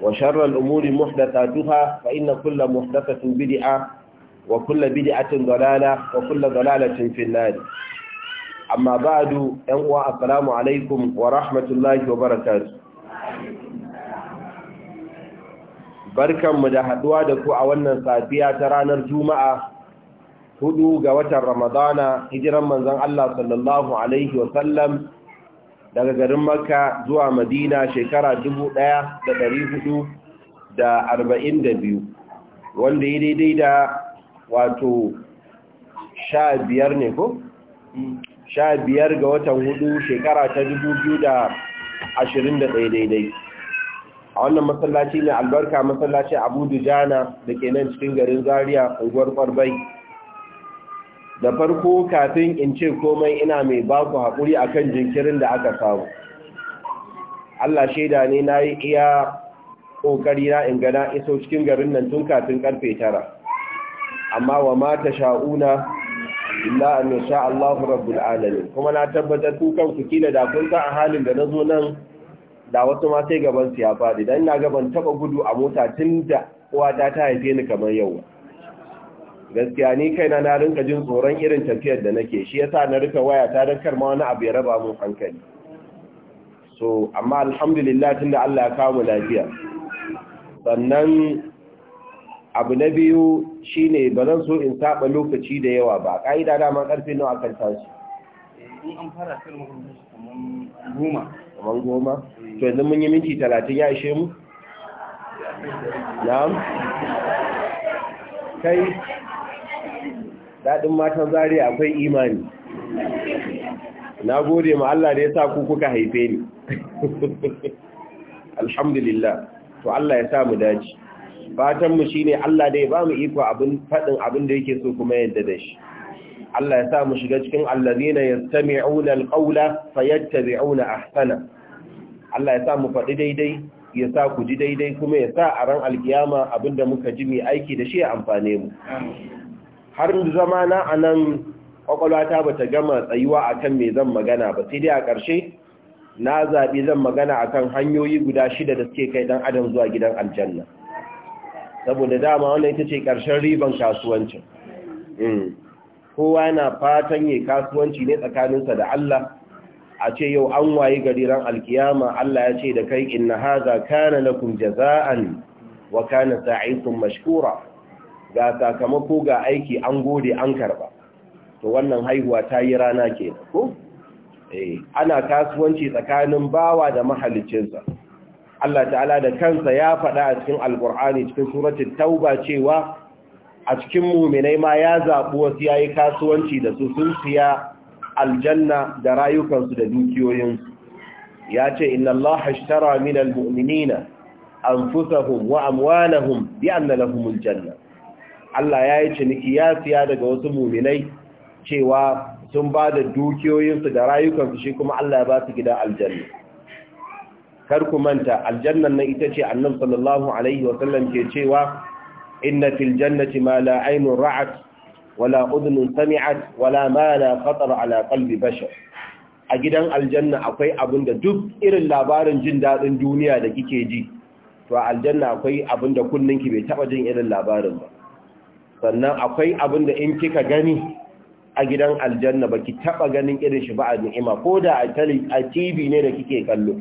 وشر الأمور محدثاتها فإن كل محدثة بدعة وكل بدعة ضلالة وكل ضلالة في النار أما بعد أنواع السلام عليكم ورحمة الله وبركاته barkan mu da haduwa da ku a wannan safiya ta ranar juma'a hudu ga watan ramadana hijiran manzon Allah sallallahu alaihi sallam. daga garin makka zuwa madina shekara 1442 wanda ya daidai da wato 15 ne ko? 15 ga watan hudu shekara ta 2021 daidai a wannan masallaci ne albarka masallaci abu dujana da ke nan cikin garin zaria unguwar kwarbai da farko kafin in ce komai ina mai baku haƙuri akan jinkirin da aka samu Allah shaida ne na iya ƙoƙari na in gana iso cikin garin nan tun kafin ƙarfe tara amma wa mata sha'una illa an yasha Allahu rabbul alamin kuma na tabbatar ku kanku kila da kun sa a halin da na zo nan da wasu ma sai gaban su ya faɗi dan na gaban taba gudu a mota tun da uwata ta haife ni kamar yau gaskiya ni kaina na rinka jin tsoron irin tafiyar da nake shi yasa na rufe waya ta kar ma wani abu ya raba mun hankali so amma alhamdulillah tunda Allah ya kawo lafiya sannan abu na biyu shine ba zan so in saba lokaci da yawa ba ka'ida man karfe nawa kan tashi eh, in an fara goma goma to yanzu mun yi minti talatin ya ishe mu na'am kai daɗin matan zariya akwai imani na gode ma Allah da ya sa ku kuka haife ni alhamdulillah to Allah ya sa mu dace fatan mu shine Allah da ya ba mu iko faɗin fadin abin da yake so kuma yadda da shi Allah ya sa mu shiga cikin allazina yastami'una alqawla fayattabi'una ahsana Allah ya sa mu faɗi daidai ya sa ku ji daidai kuma ya sa a ran alkiyama abinda muka ji mai aiki da shi ya amfane mu har zama na a nan kwakwalwata ba ta gama tsayuwa a kan mai zan magana ba sai dai a ƙarshe na zaɓi zan magana a kan hanyoyi guda shida da suke kai ɗan adam zuwa gidan aljanna saboda dama wannan ita ce ƙarshen riban kasuwanci. Mm. kowa na fatan yi kasuwanci ne tsakaninsa da Allah a ce yau an waye gari ran alkiyama Allah ya ce da kai inna haza kana lakum jaza'an wa kana sa'ikum mashkura ga sakamako ga aiki an gode an karba to wannan haihuwa ta yi rana ke ko eh ana kasuwanci tsakanin bawa da mahalicinsa Allah ta'ala da kansa ya faɗa a cikin alkur'ani cikin suratul tauba cewa a cikin muminai ma ya zaɓi wasu ya yi kasuwanci da su sun siya aljanna da rayukansu da dukiyoyinsu ya ce inna Allah hashtara min almu'minina anfusahum wa amwanahum bi anna lahumul janna Allah ya yi ciniki ya siya daga wasu muminai cewa sun ba da dukiyoyinsu da rayukansu shi kuma Allah ya ba su gida aljanna kar ku manta aljannan na ita ce annan sallallahu alaihi wa ke cewa inna fil jannati ma la aynun ra'at wala udhun sami'at wala ma la khatara ala qalbi bashar a gidan aljanna akwai abin da duk irin labarin jin daɗin duniya da kike ji to aljanna akwai abin da kunninki bai taɓa jin irin labarin ba sannan akwai abin da in kika gani a gidan aljanna baki taba ganin irin shi ba a ni'ima ko da a TV ne da kike kallo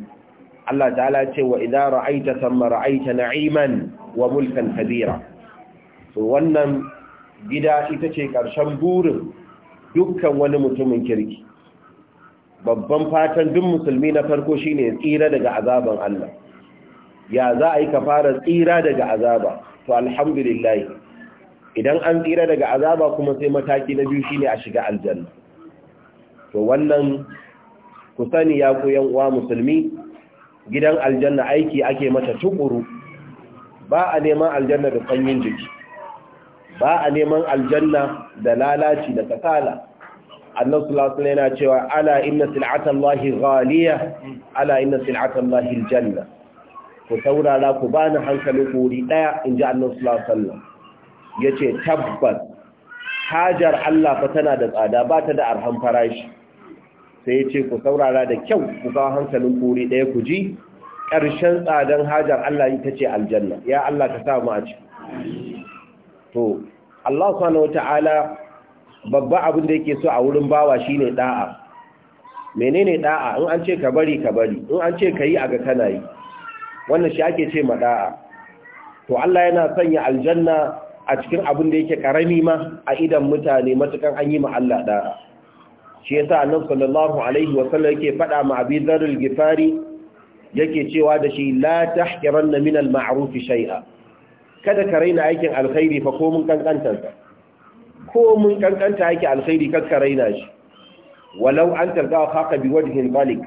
Allah ta'ala ce wa idan ra'aita thamma ra'aita na'iman wa mulkan kabira to wannan gida ita ce karshen burin dukkan wani mutumin kirki babban fatan duk musulmi na farko shine tsira daga azaban Allah ya za a yi ka fara tsira daga azaba to alhamdulillah idan an tsira daga azaba kuma sai mataki na biyu shine a shiga aljanna to wannan ku sani ya koyan uwa musulmi gidan aljanna aiki ake mata tukuru ba a neman aljanna da sanyin jiki ba a neman aljanna da lalaci da kasala annabi sallallahu alaihi yana cewa ala inna sil'atallahi ghaliya ala inna sil'atallahi aljanna ku saurara ku bani hankali ku wuri daya inji annabi sallallahu alaihi Ya ce tabbas hajar Allah fa tana da tsada ba ta da arhan farashi sai ya ce ku saurara da kyau ku kawo hankalin kuri ɗaya ku ji ƙarshen tsadan hajar Allah ita ce aljanna ya Allah ka sa mu a ci to Allah subhanahu wataala babba abin da yake so a wurin bawa shine da'a menene da'a in an ce ka bari ka bari in an ce kayi aga kana yi wannan shi ake ce ma da'a to Allah yana sanya aljanna a cikin abin da yake karami ma a idan mutane matukan an yi ma Allah da shi annabi sallallahu alaihi wasallam yake fada ma Abi gifari yake cewa da shi la tahqiranna min al-ma'ruf kada ka raina aikin alkhairi fa ko mun ko mun kankanta alkhairi kan ka raina shi walau an wa haka bi hin balik.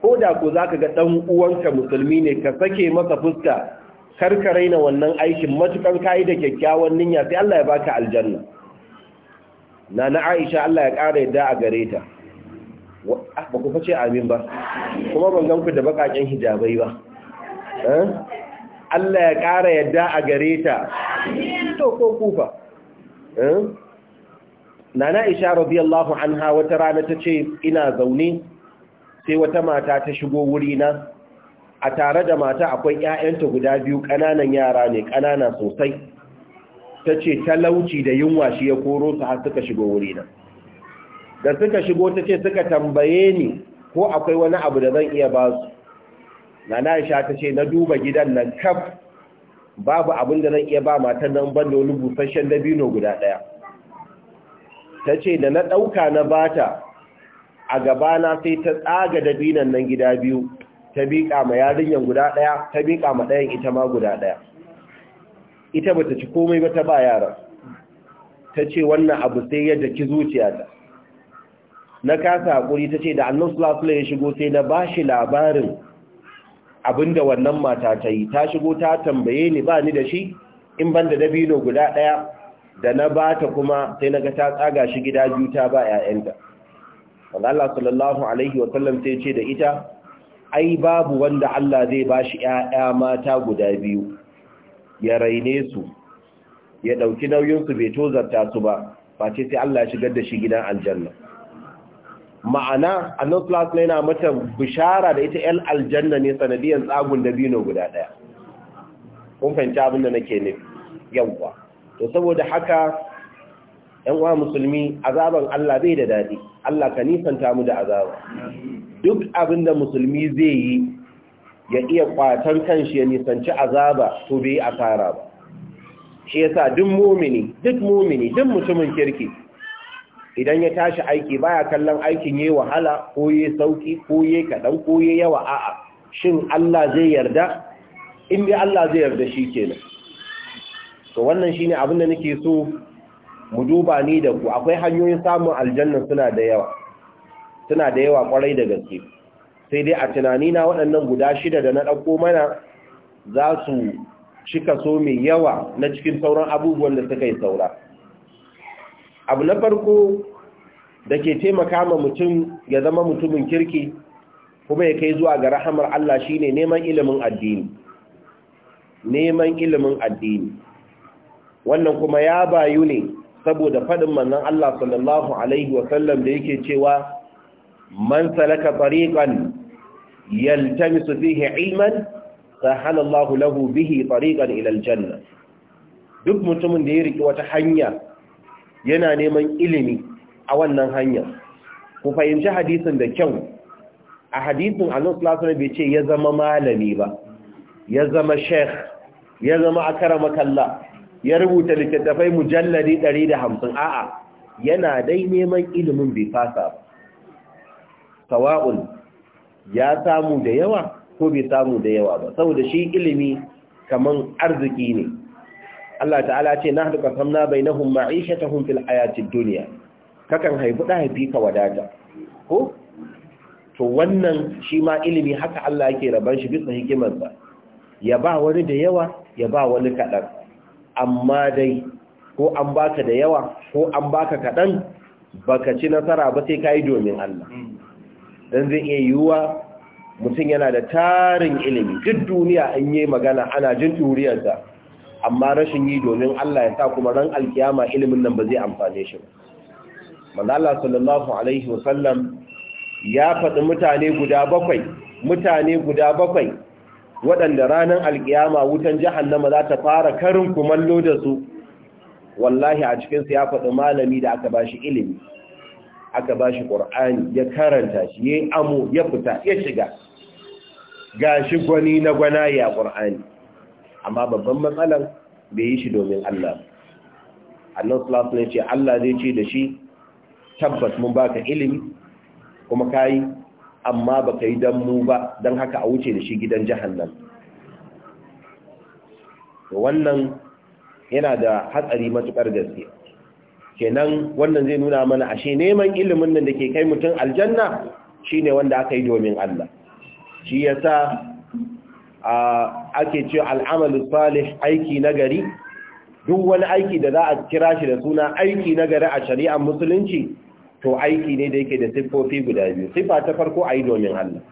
ko da ko zaka ga dan uwanka musulmi ne ka sake masa fuska kar ka raina wannan aikin matukan kayi da kyakkyawan ninya sai Allah ya baka aljanna na na Aisha Allah ya ƙara yadda a gare ta ah, ba ku fice amin ba kuma ban gan ku da bakaken hijabai ba eh? Allah ya ƙara yadda a gare ta to ko kufa eh? nana Aisha radiyallahu anha wata rana ta ce ina zaune sai wata mata ta shigo wurina a tare da mata akwai ‘ya'yanta guda biyu ƙananan yara ne ƙanana sosai ta ce talauci da yunwa shi ya koro su har suka shigo wuri nan da suka shigo ta ce suka tambaye ni ko akwai wani abu da zan iya ba su na na sha ta ce na duba gidan nan kaf babu abin da zan iya ba matan nan ban da wani busasshen dabino guda ɗaya ta ce da na ɗauka na bata a gabana sai ta tsaga dabinan nan gida biyu ta biƙa ma yarinyar guda ɗaya ta biƙa ma ɗayan ita ma guda ɗaya ita bata ci komai ba ta ba yaran ta ce wannan abu sai yadda ki zuciyata na kasa hakuri ta ce da annan sulasula ya shigo sai na ba shi labarin abin da wannan mata ta yi ta shigo ta tambaye ni ba ni da shi in ban da dabino guda ɗaya da na ba ta kuma sai na ga ta tsaga shi gida biyu ta ba 'ya'yanta wanda Allah sallallahu alaihi wasallam sai ce da ita ai babu wanda Allah zai bashi ƴaƴa mata guda biyu ya raine su ya ɗauki nauyinsu bai tozarta su ba face sai Allah ya shigar da shi gidan aljanna ma'ana annabi sallallahu alaihi wasallam mata bishara da ita 'yan aljanna ne sanadiyan tsagun dabino guda ɗaya, kun fahimci abin da nake ne, yawa to saboda haka yan uwa musulmi azaban Allah bai da daɗi. Allah ka nisanta mu da azaba duk abin da musulmi zai yi ya iya kwatar kanshi ya nisanci azaba to bai asara ba shi yasa duk mumini duk mumini duk mutumin kirki idan ya tashi aiki baya kallon aikin yayi wahala ko yayi sauki ko yayi kadan ko yayi yawa a'a shin Allah zai yarda in bi Allah zai yarda shi kenan to wannan shine abin da nake so mu duba ni da ku akwai hanyoyin samun aljanna suna da yawa suna da yawa kwarai da gaske sai dai a tunani na waɗannan guda shida da na ɗauko mana za su ci kaso mai yawa na cikin sauran abubuwan da suka yi saura abu na farko da ke taimaka ma mutum ya zama mutumin kirki kuma ya kai zuwa ga rahamar Allah shine neman ilimin addini neman ilimin addini wannan kuma ya bayu ne saboda faɗin mannan Allah sallallahu alaihi wasallam da yake cewa man salaka tariqan yaltamisu fihi ilman sahala Allah lahu bihi tsariƙan ilal janna. duk mutumin da ya riki wata hanya yana neman ilimi a wannan hanya ku fahimci hadisin da kyau a hadisin Allah sallallahu bai ce ya zama malami ba ya zama sheikh ya zama akramakallah ya rubuta littattafai mujalladi 150 a'a yana dai neman ilimin bai fasa sawa'un ya samu da yawa ko bai samu da yawa ba saboda shi ilimi kaman arziki ne Allah ta'ala ce na haɗu samna bai na fil hayatid duniya kakan haifi da haifi ka wadata ko to wannan shi ma ilimi haka Allah yake raban shi bisa hikimarsa ya ba wani da yawa ya ba wani kaɗan amma dai ko an baka da yawa ko an baka kaɗan baka ci nasara ba sai ka domin Allah don zai iya yiwuwa mutum yana da tarin ilimi duk duniya an yi magana ana jin turiyarsa amma rashin yi domin Allah ya sa kuma ran alkiyama ilimin nan ba zai amfane shi ba manzo Allah sallallahu alaihi wasallam ya faɗi mutane guda bakwai mutane guda bakwai waɗanda ranar alƙiyama wutan jahannama za ta fara karin kumallo da su wallahi a cikinsu ya faɗi malami da aka ba shi ilimi aka ba shi ƙor'ani ya karanta shi ya amo ya fita ya shiga ga shi gwani na gwanaye a ƙur'ani amma babban matsalar bai yi shi domin Allah annan sulasun ce Allah zai ce da shi tabbas mun baka ilimi kuma ka yi. amma baka yi dan mu ba don haka a wuce da shi gidan jihannan wannan yana da hatsari matuƙar gaske kenan wannan zai nuna mana ashe neman ilimin nan da ke kai mutum aljanna shine wanda aka yi domin Allah shi yasa ake ce al'amalu salih aiki nagari duk wani aiki da za a kira shi da suna aiki nagari a shari'ar musulunci to aiki ne da yake da siffofi guda biyu siffa ta farko a domin Allah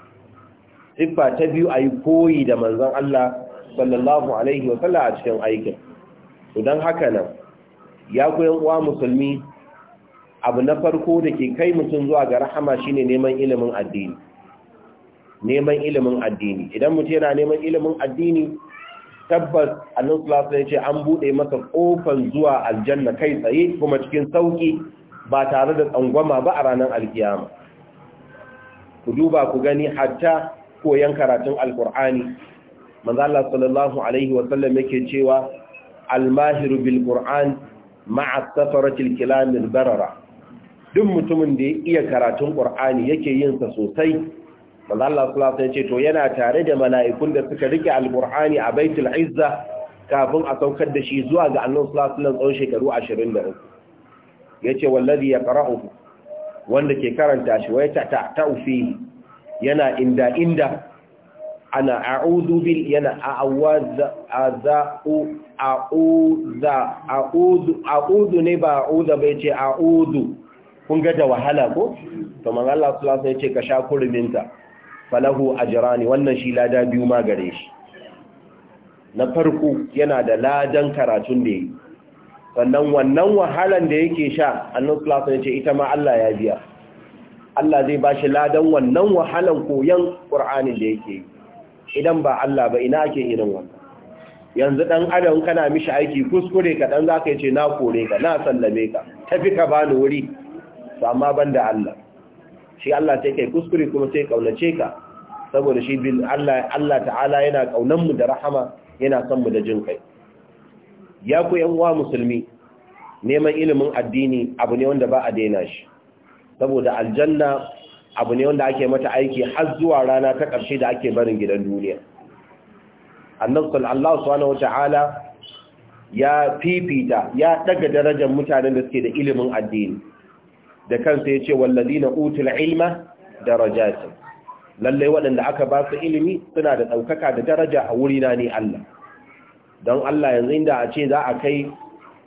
siffa ta biyu ayi koyi da manzon Allah sallallahu alaihi wa sallam a cikin aikin to don haka nan ya koyan uwa musulmi abu na farko da ke kai mutum zuwa ga rahama shine neman ilimin addini neman ilimin addini idan mutum yana neman ilimin addini tabbas annabi sallallahu alaihi ya ce an buɗe masa ƙofan zuwa aljanna kai tsaye kuma cikin sauki ba tare da tsangwama ba a ranar alkiyama ku duba ku gani hatta koyon karatun alkur'ani manzo sallallahu alaihi wa sallam yake cewa almahiru bil qur'an ma'a barara duk mutumin da ya iya karatun Ƙur'ani yake yinsa sosai manzo sallallahu ce to yana tare da mala'ikun da suka rike alkur'ani a baitul izza kafin a saukar da shi zuwa ga annabi sallallahu alaihi wasallam tsawon shekaru 23 Ya yace wallazi yaqra'uhu wanda ke karanta shi wai ta yana inda inda ana a'udhu bil yana ne ba a'udha bai ce a'udhu kun ga da wahala ko to man Allah sallallahu alaihi ya ce ka sha kuruminta falahu ajrani wannan shi lada biyu ma gare shi na farko yana da ladan karatun da yi sannan wannan wahalan da yake sha annabi sallallahu alaihi ce ita ma Allah ya biya Allah zai bashi ladan wannan wahalan koyan Qur'anin da yake idan ba Allah ba ina ake irin wannan yanzu dan adam kana mishi aiki kuskure ka dan zaka ce na kore ka na sallame ka tafi ka bani wuri to amma banda Allah shi Allah sai kai kuskure kuma sai kaunace ka saboda shi bin Allah Allah ta'ala yana kaunan mu da rahama yana son mu da jin kai ya ku yan uwa musulmi neman ilimin addini abu ne wanda ba a daina shi saboda aljanna abu ne wanda ake mata aiki har zuwa rana ta ƙarshe da ake barin gidan duniya annabi sallallahu subhanahu wataala ya fifita ya daga darajar mutanen da suke da ilimin addini da kansa yace wallazina utul ilma darajatun lalle waɗanda aka ba su ilimi suna da ɗaukaka da daraja a wurina ne Allah don Allah yanzu inda a ce za a kai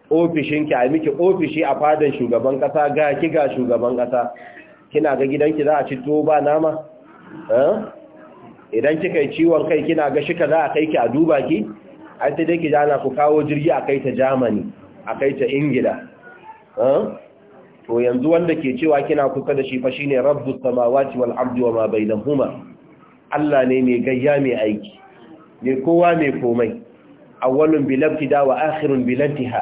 ofishinki a miki ofishi a fadin shugaban kasa ga ki ga shugaban kasa kina ga gidanki za a ci to ba nama eh? idan kika yi ciwon kai kina ga shika za a kai ki a duba ki a ta dai ki jana ku kawo jirgi a kai ta Germany a kai ta Ingila eh? to yanzu wanda ke cewa kina kusa da shi fa shine rabbus samawati wal ardi wa ma bainahuma Allah ne mai gayya mai aiki ne kowa mai komai awwalun bil ibtida wa akhirun bil intiha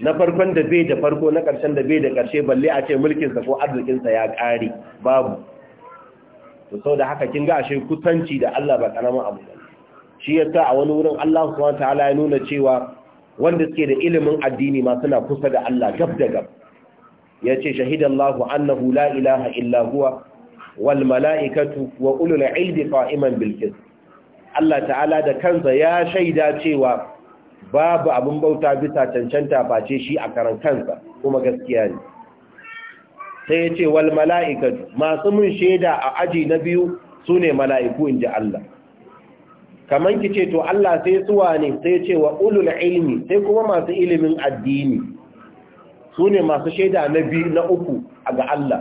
na farkon da bai da farko na ƙarshen da bai da ƙarshe balle a ce mulkinsa ko arzikinsa ya kare. babu to sau da haka kin ga ashe kusanci da Allah ba ƙaramin abu ba shi yasa a wani wurin Allah subhanahu ta'ala ya nuna cewa wanda suke da ilimin addini ma suna kusa da Allah gab da gab yace shahidallahu annahu la ilaha illa huwa wal mala'ikatu wa ulul ilmi qa'iman bil qist Allah ta'ala da kansa ya shaida cewa babu abin bauta bisa cancanta face shi a karan kansa kuma gaskiya ne sai ya ce wal mala'ikatu masu mun shaida a aji na biyu su ne mala'iku in Allah kamar ki ce to Allah sai suwa ne sai ce wa ulul ilmi sai kuma masu ilimin addini su ne masu shaida na biyu na uku a ga Allah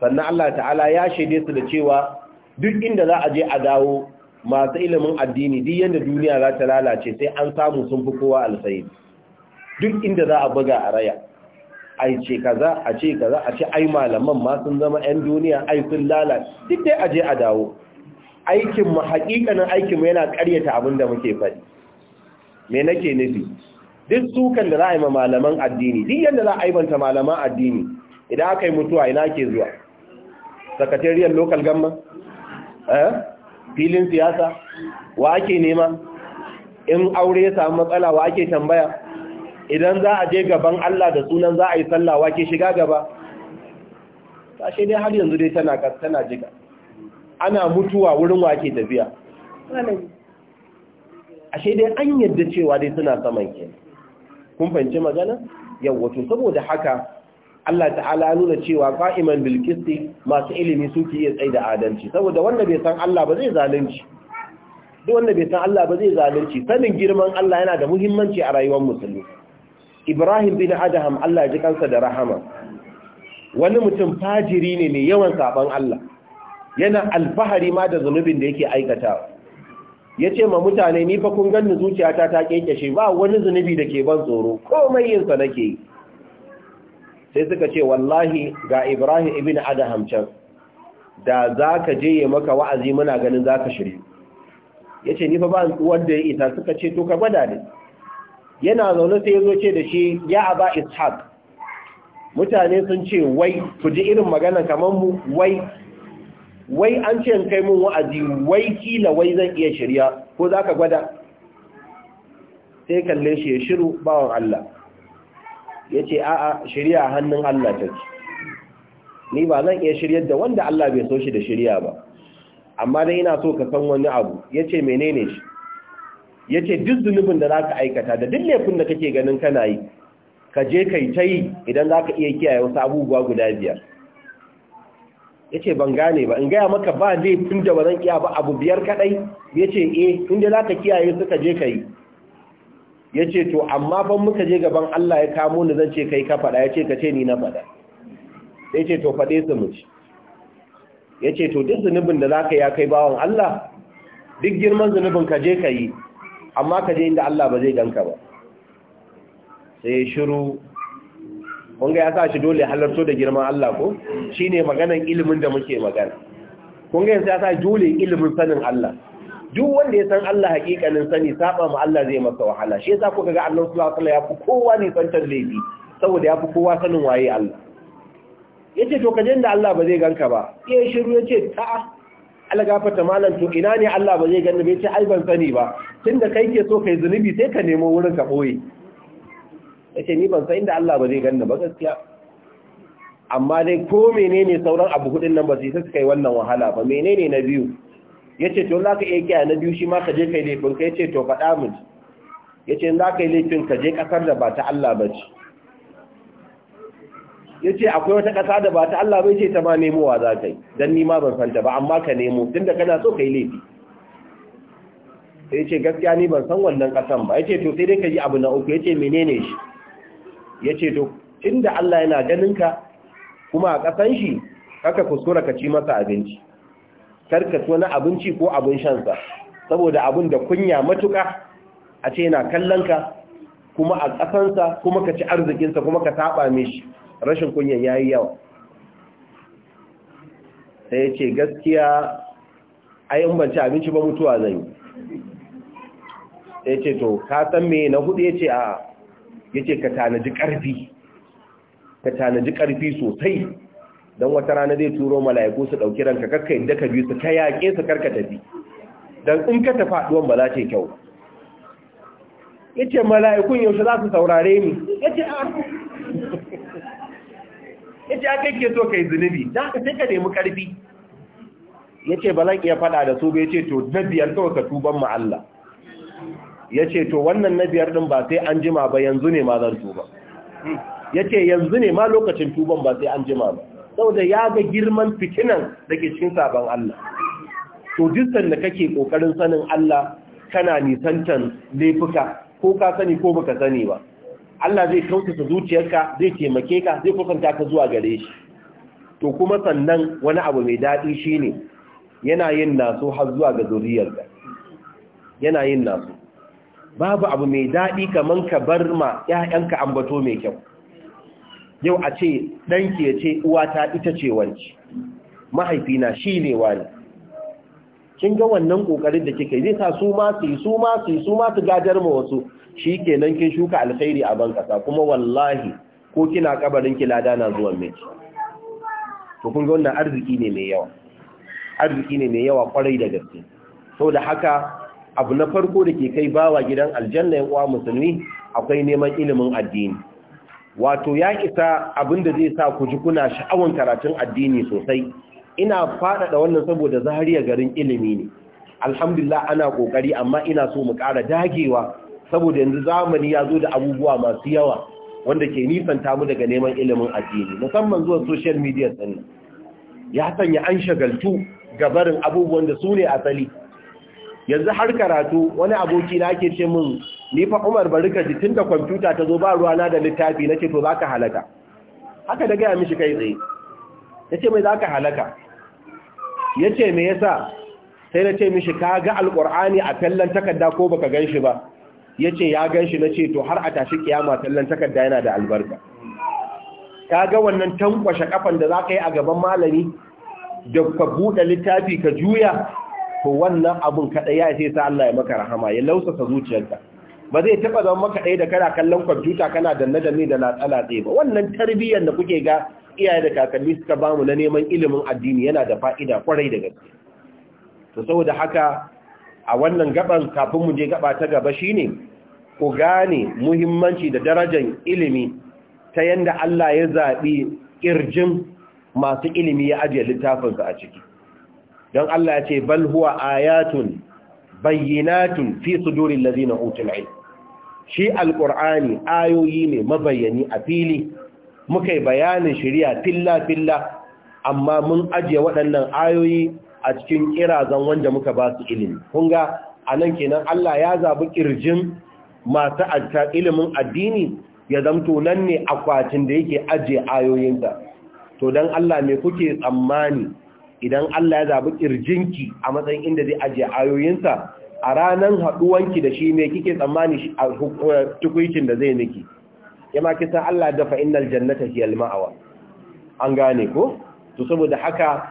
sannan Allah ta'ala ya shaide su da cewa duk inda za a je a dawo masu ilimin addini duk yadda duniya za ta lalace sai an samu sun fi kowa alkhairi duk inda za a buga a raya a ce kaza a ce kaza a ce ai malaman ma sun zama 'yan duniya ai sun lalace duk dai aje a dawo aikin mu hakikanin aikin yana karyata abin da muke faɗi me nake nufi duk sukan da za a yi ma malaman addini duk yadda za a aibanta malaman addini idan aka yi mutuwa ina ke zuwa sakatariyar lokal gamma eh filin siyasa wa ake nema in aure ya samu matsala wa ake tambaya idan za a je gaban Allah da sunan za a yi sallah wa ke shiga gaba tashe dai har yanzu dai tana tana jika ana mutuwa wurin wa ke tafiya ashe dai an yadda cewa dai suna saman ke kun fahimci magana yawa saboda haka Allah ta'ala nuna cewa qa'iman bil masu ilimi suke iya da adalci saboda wanda bai san Allah ba zai zalunci duk wanda bai san Allah ba zai zalunci sanin girman Allah yana da muhimmanci a rayuwar musulmi Ibrahim bin Adham Allah ya ji kansa da rahama wani mutum fajiri ne mai yawan saban Allah yana alfahari ma da zunubin da yake aikata. ya ce ma mutane ni fa kun ganni zuciyata ta kekeshe ba wani zunubi da ke ban tsoro komai yinsa nake yi sai suka ce wallahi ga Ibrahim ibn Adham can da za ka je ya maka wa'azi muna ganin za ka shirye yace ni fa ba wanda ya ita suka ce to ka gwada ne yana zaune sai yazo ce da shi ya ba ishaq mutane sun ce wai ku ji irin magana kamar mu wai wai an ce kai mun wa'azi wai kila wai zan iya shirya ko za ka gwada sai kalle shi ya shiru bawan Allah ya ce a'a shirya hannun Allah ta ce ni ba zan iya shiryar da wanda Allah bai so shi da shirya ba amma dai ina so ka san wani abu ya ce menene shi ya ce duk zunubin da za ka aikata da duk laifin da kake ganin kana yi ka je ka yi ta yi idan za ka iya kiyaye wasu abubuwa guda biyar ya ce ban gane ba in gaya maka ba laifin da ba zan iya ba abu biyar kaɗai ya ce eh inda za ka kiyaye ka je ka yi ya ce to amma ban muka je gaban Allah ya kamo ni zan ce kai ka faɗa ya ce ka ce ni na faɗa ya ce to faɗe su mu ci ya ce to duk zunubin da za ka ya kai bawan Allah duk girman zunubin ka je ka yi amma ka je inda Allah ba zai ganka ba sai shiru kunga ya sa shi dole halarto da girman Allah ko shine maganan ilimin da muke magana kunga yanzu ya sa dole ilimin sanin Allah duk wanda ya san Allah hakikanin sani saba ma Allah zai masa wahala shi yasa kuka ga Allah sallallahu alaihi wasallam ya fi kowa ne santar laifi saboda ya fi kowa sanin waye Allah yace to kaje da Allah ba zai ganka ba eh shiru yace ta Allah gafarta malam to ina ne Allah ba zai ganni ba yace ai ban sani ba tunda kai ke so kai zunubi sai ka nemo wurin ka boye yace ni ban san inda Allah ba zai ganni ba gaskiya amma dai ko menene sauran abu hudin nan ba sai suka yi wannan wahala ba menene na biyu Ya ce to za ka iya kiyaye na biyu shi ma ka je kai laifin ka Ya ce to faɗa min ya ce za ka yi laifin ka je ƙasar da ba ta Allah ba ce ce akwai wata ƙasa da ba ta Allah ba ce ta ma nemowa za ka yi Don ni ma ban fanta ba amma ka nemo Tun da kana so ka yi laifi Ya ce gaskiya ni ban san wannan ƙasan ba Ya ce to sai dai ka yi abu na uku Ya ce menene shi Ya ce to da Allah yana ganin ka kuma a ƙasan shi kaka kuskura ka ci masa abinci karkace wani abinci ko abin shansa saboda abin da kunya matuka a ce yana kallonka kuma a ƙasansa kuma ka ci arzikinsa kuma ka saba mishi rashin kunyan yi yawa sai ya ce gaskiya ayin ban ci abinci ba mutuwa zan yi ya ce to ka san me na hudu ya ce a ya ce ka tanaji ƙarfi ka tanaji ƙarfi sosai don wata rana zai turo mala'iku su ɗauki ranka kakka inda ka biyu su ka yaƙe su karka tafi don in ka tafi haɗuwan ba za ta yi kyau ya ce mala'ikun yaushe za su saurare ni ya ce a ya ce aka ke so ka yi zunubi Za ka sai ka nemi ƙarfi ya ce ba zan iya faɗa da su ba ya ce to na biyar kawai ka tuban ma Allah ya ce to wannan na biyar ɗin ba sai an jima ba yanzu ne ma zan tuba ya ce yanzu ne ma lokacin tuban ba sai an jima ba saboda ya ga girman fitinan da ke cikin sabon Allah to dukkan da kake kokarin sanin Allah kana nisantan laifuka ko ka sani ko baka sani ba Allah zai kautata zuciyarka zai taimake ka zai kusanta ka zuwa gare shi to kuma sannan wani abu mai daɗi ne, yana yin naso har zuwa ga zuriyarka yana yin naso babu abu mai daɗi kamar ka bar ma 'ya'yanka ambato mai kyau yau a ce ɗanki ya ce uwata ita ce wanci mahaifina shi ne wani kin ga wannan kokarin da kika yi zai sa su ma su yi su ma su yi su ma su gajar ma wasu shikenan kin shuka alkhairi a bankasa sa, kuma wallahi ko kina kabarin ki lada na zuwan miki to kun arziki ne mai yawa arziki ne mai yawa kwarai da gaske saboda haka abu na farko da ke kai bawa gidan aljanna ya uwa musulmi akwai neman ilimin addini wato ya isa abin da zai sa ku ji kuna sha'awan karatun addini sosai ina faɗaɗa wannan saboda zahariya garin ilimi ne alhamdulillah ana ƙoƙari amma ina so mu ƙara dagewa saboda yanzu zamani ya zo da abubuwa masu yawa wanda ke nisanta mu daga neman ilimin addini musamman zuwa social media sannan ya sanya an shagaltu ga barin abubuwan da su ne asali yanzu har karatu wani aboki na ake ce min ni fa Umar bari ka ji tunda kwamfuta ta zo ba ruwa na da littafi nace to zaka halaka haka da gaya mishi kai tsaye yace mai zaka halaka yace me yasa sai nace mishi ka ga alqur'ani a kallon takarda ko baka ganshi ba yace ya ganshi nace to har a tashi kiyama kallon takarda yana da albarka ka ga wannan tankwashe kafan da zaka yi a gaban malami da ka bude littafi ka juya to wannan abun kaɗai ya sai sa Allah ya maka rahama ya lausa zuciyarka ba zai taɓa zama maka ɗaya da kana kallon kwamfuta kana da nadami da na latsa ba wannan tarbiyyar da kuke ga iyaye da kakanni suka bamu na neman ilimin addini yana da fa'ida kwarai da gaske to saboda haka a wannan gaban kafin mu je gaba ta gaba shine ku gane muhimmanci da darajar ilimi ta yanda Allah ya zaɓi ƙirjin masu ilimi ya ajiye littafin littafinsa a ciki don Allah ya ce bal huwa ayatun bayyinatun fi sudurin lazina utul ilm shi Alƙur'ani ayoyi ne mabayani a fili muka yi bayanin shirya filla-filla amma mun ajiye waɗannan ayoyi a cikin ƙirazan wanda muka ba su ilimi kunga a nan kenan Allah ya zaɓi ƙirjin masu ilimin addini ya zamto nan ne akwatin da yake ajiye ayoyinsa to don Allah me kuke tsammani idan Allah ya zaɓi ƙirjinki a matsayin inda zai ajiye ayoyinsa a ranar haɗuwanki da shi ne kike tsammani eh, tukuicin da zai ya ma kisa Allah dafa innal jannata hiyal ma'awa an gane ko to saboda haka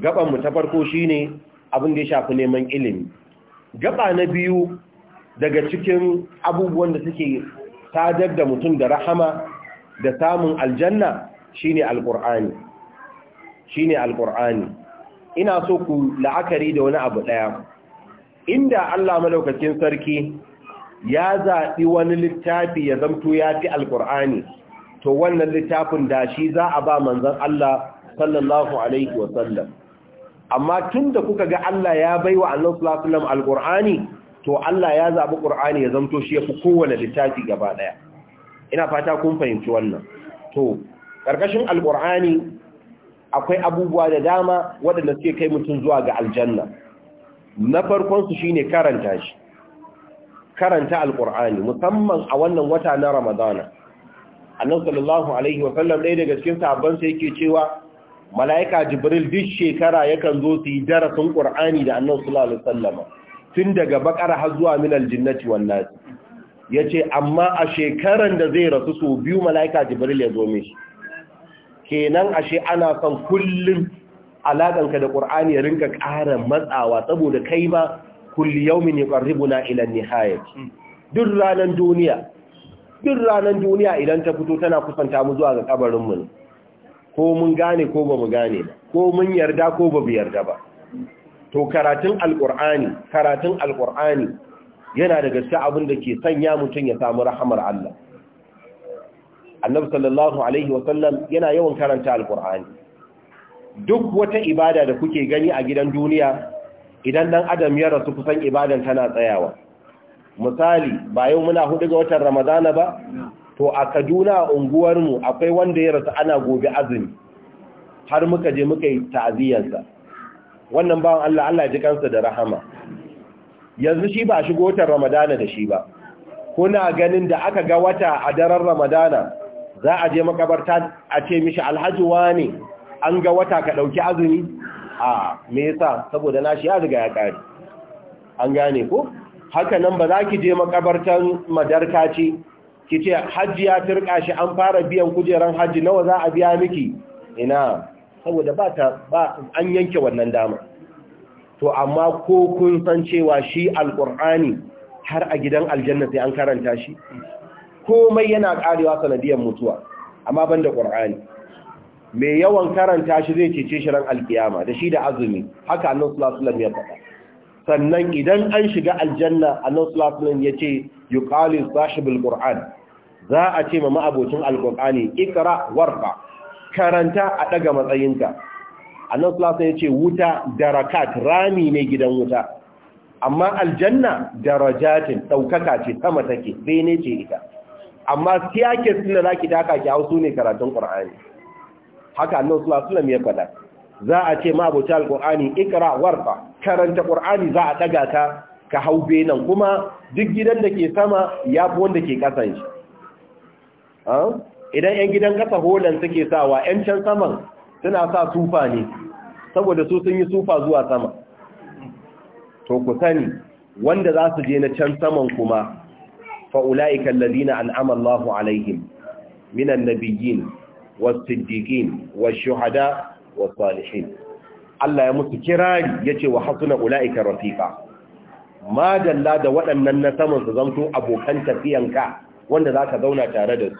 gabanmu ta farko shine abin da ya shafi neman ilimi gaba na biyu daga cikin abubuwan da suke sadar da mutum da rahama da samun aljanna shine shi shine alƙur'ani ina so ku la'akari da wani abu ɗaya. inda Allah madaukakin sarki ya zaɓi wani littafi ya zamto ya fi alƙur'ani to wannan littafin da shi za a ba manzan Allah sallallahu alaihi wasallam amma tun kuka ga Allah ya bai wa alaihi sulasulam alƙur'ani to Allah ya zaɓi ƙur'ani ya zamto shi ya fi kowane littafi gaba ɗaya ina fata kun fahimci wannan to ƙarƙashin alƙur'ani akwai abubuwa da dama waɗanda suke kai mutum zuwa ga aljanna na farkonsu shi ne karanta shi karanta musamman a wannan wata na ramadana annan sallallahu alaihi wasallam ɗaya daga cikin sai yake cewa mala'ika jibril duk shekara yakan zo su yi darasin ƙur'ani da a sallallahu alaihi wasallam tun daga bakara har zuwa min aljinnati wannan. nas yace amma a shekaran da zai rasu so biyu mala'ika jibril ya zo mishi kenan ashe ana son kullum alaƙanka da ƙur'ani ya rinka ƙara matsawa saboda kai ma kulli yaumin yuqarribuna ila nihayat duk ranan duniya duk ranan duniya idan ta fito tana kusanta mu zuwa ga kabarin mu ko mun gane ko ba mu gane ko mun yarda ko ba mu yarda ba to karatun alƙur'ani karatun alƙur'ani yana da gaske abin da ke sanya mutum ya samu rahamar Allah annabi sallallahu alaihi wa sallam yana yawan karanta alqur'ani duk wata ibada da kuke gani a gidan duniya idan dan adam ya rasu kusan ibadan tana tsayawa misali ba yau muna hudu ga watan ramadana ba to a kaduna a unguwarmu akwai wanda ya rasu ana gobe azumi har muka je muka yi ta'aziyarsa wannan bawan Allah Allah ji kansa da rahama yanzu shi ba shigo watan ramadana da shi ba kuna ganin da aka ga wata a daren ramadana za a je makabarta a ce mishi alhaji ne. an ga wata ka ɗauki azumi a me yasa saboda nashi ya riga ya ƙare an gane ko haka nan ba za ki je makabartan madarka ce ki ce hajji ya turka shi an fara biyan kujeran hajji nawa za a biya miki ina saboda ba ta ba an yanke wannan dama to amma ko kun san cewa shi alqur'ani har a gidan aljanna sai an karanta shi komai yana ƙarewa sanadiyar mutuwa amma banda Ƙur'ani. mai yawan karanta shi zai cece shi ran alkiyama da shi da azumi haka annabi sallallahu alaihi wasallam ya faɗa sannan idan an shiga aljanna annabi sallallahu alaihi wasallam yace yuqalu sahibul qur'an za a ce ma ma'abocin alqur'ani ikra warqa karanta a daga matsayinka annabi sallallahu alaihi yace wuta darakat rami ne gidan wuta amma aljanna darajatin daukaka ce sama take bene ce ita amma siyake da zaki daka ki hausu ne karatun qur'ani haka annabi sallallahu alaihi wasallam ya faɗa za a ce ma abuta alqur'ani ikra warfa karanta qur'ani za a daga ka ka hau benen kuma duk gidan da ke sama ya fi wanda ke kasan shi idan yan gidan ƙasa holan suke sawa yan can saman suna sa sufa ne saboda su sun yi sufa zuwa sama to ku sani wanda za su je na can saman kuma fa'ula'ika lalina al'amallahu alaihim minan nabiyyin والصديقين والشهداء والصالحين Allah ya musu kirari ya ce wa hasuna ula'ika rafiqa ma dalla da waɗannan na saman su zamto abokan tafiyanka wanda za ka zauna tare da su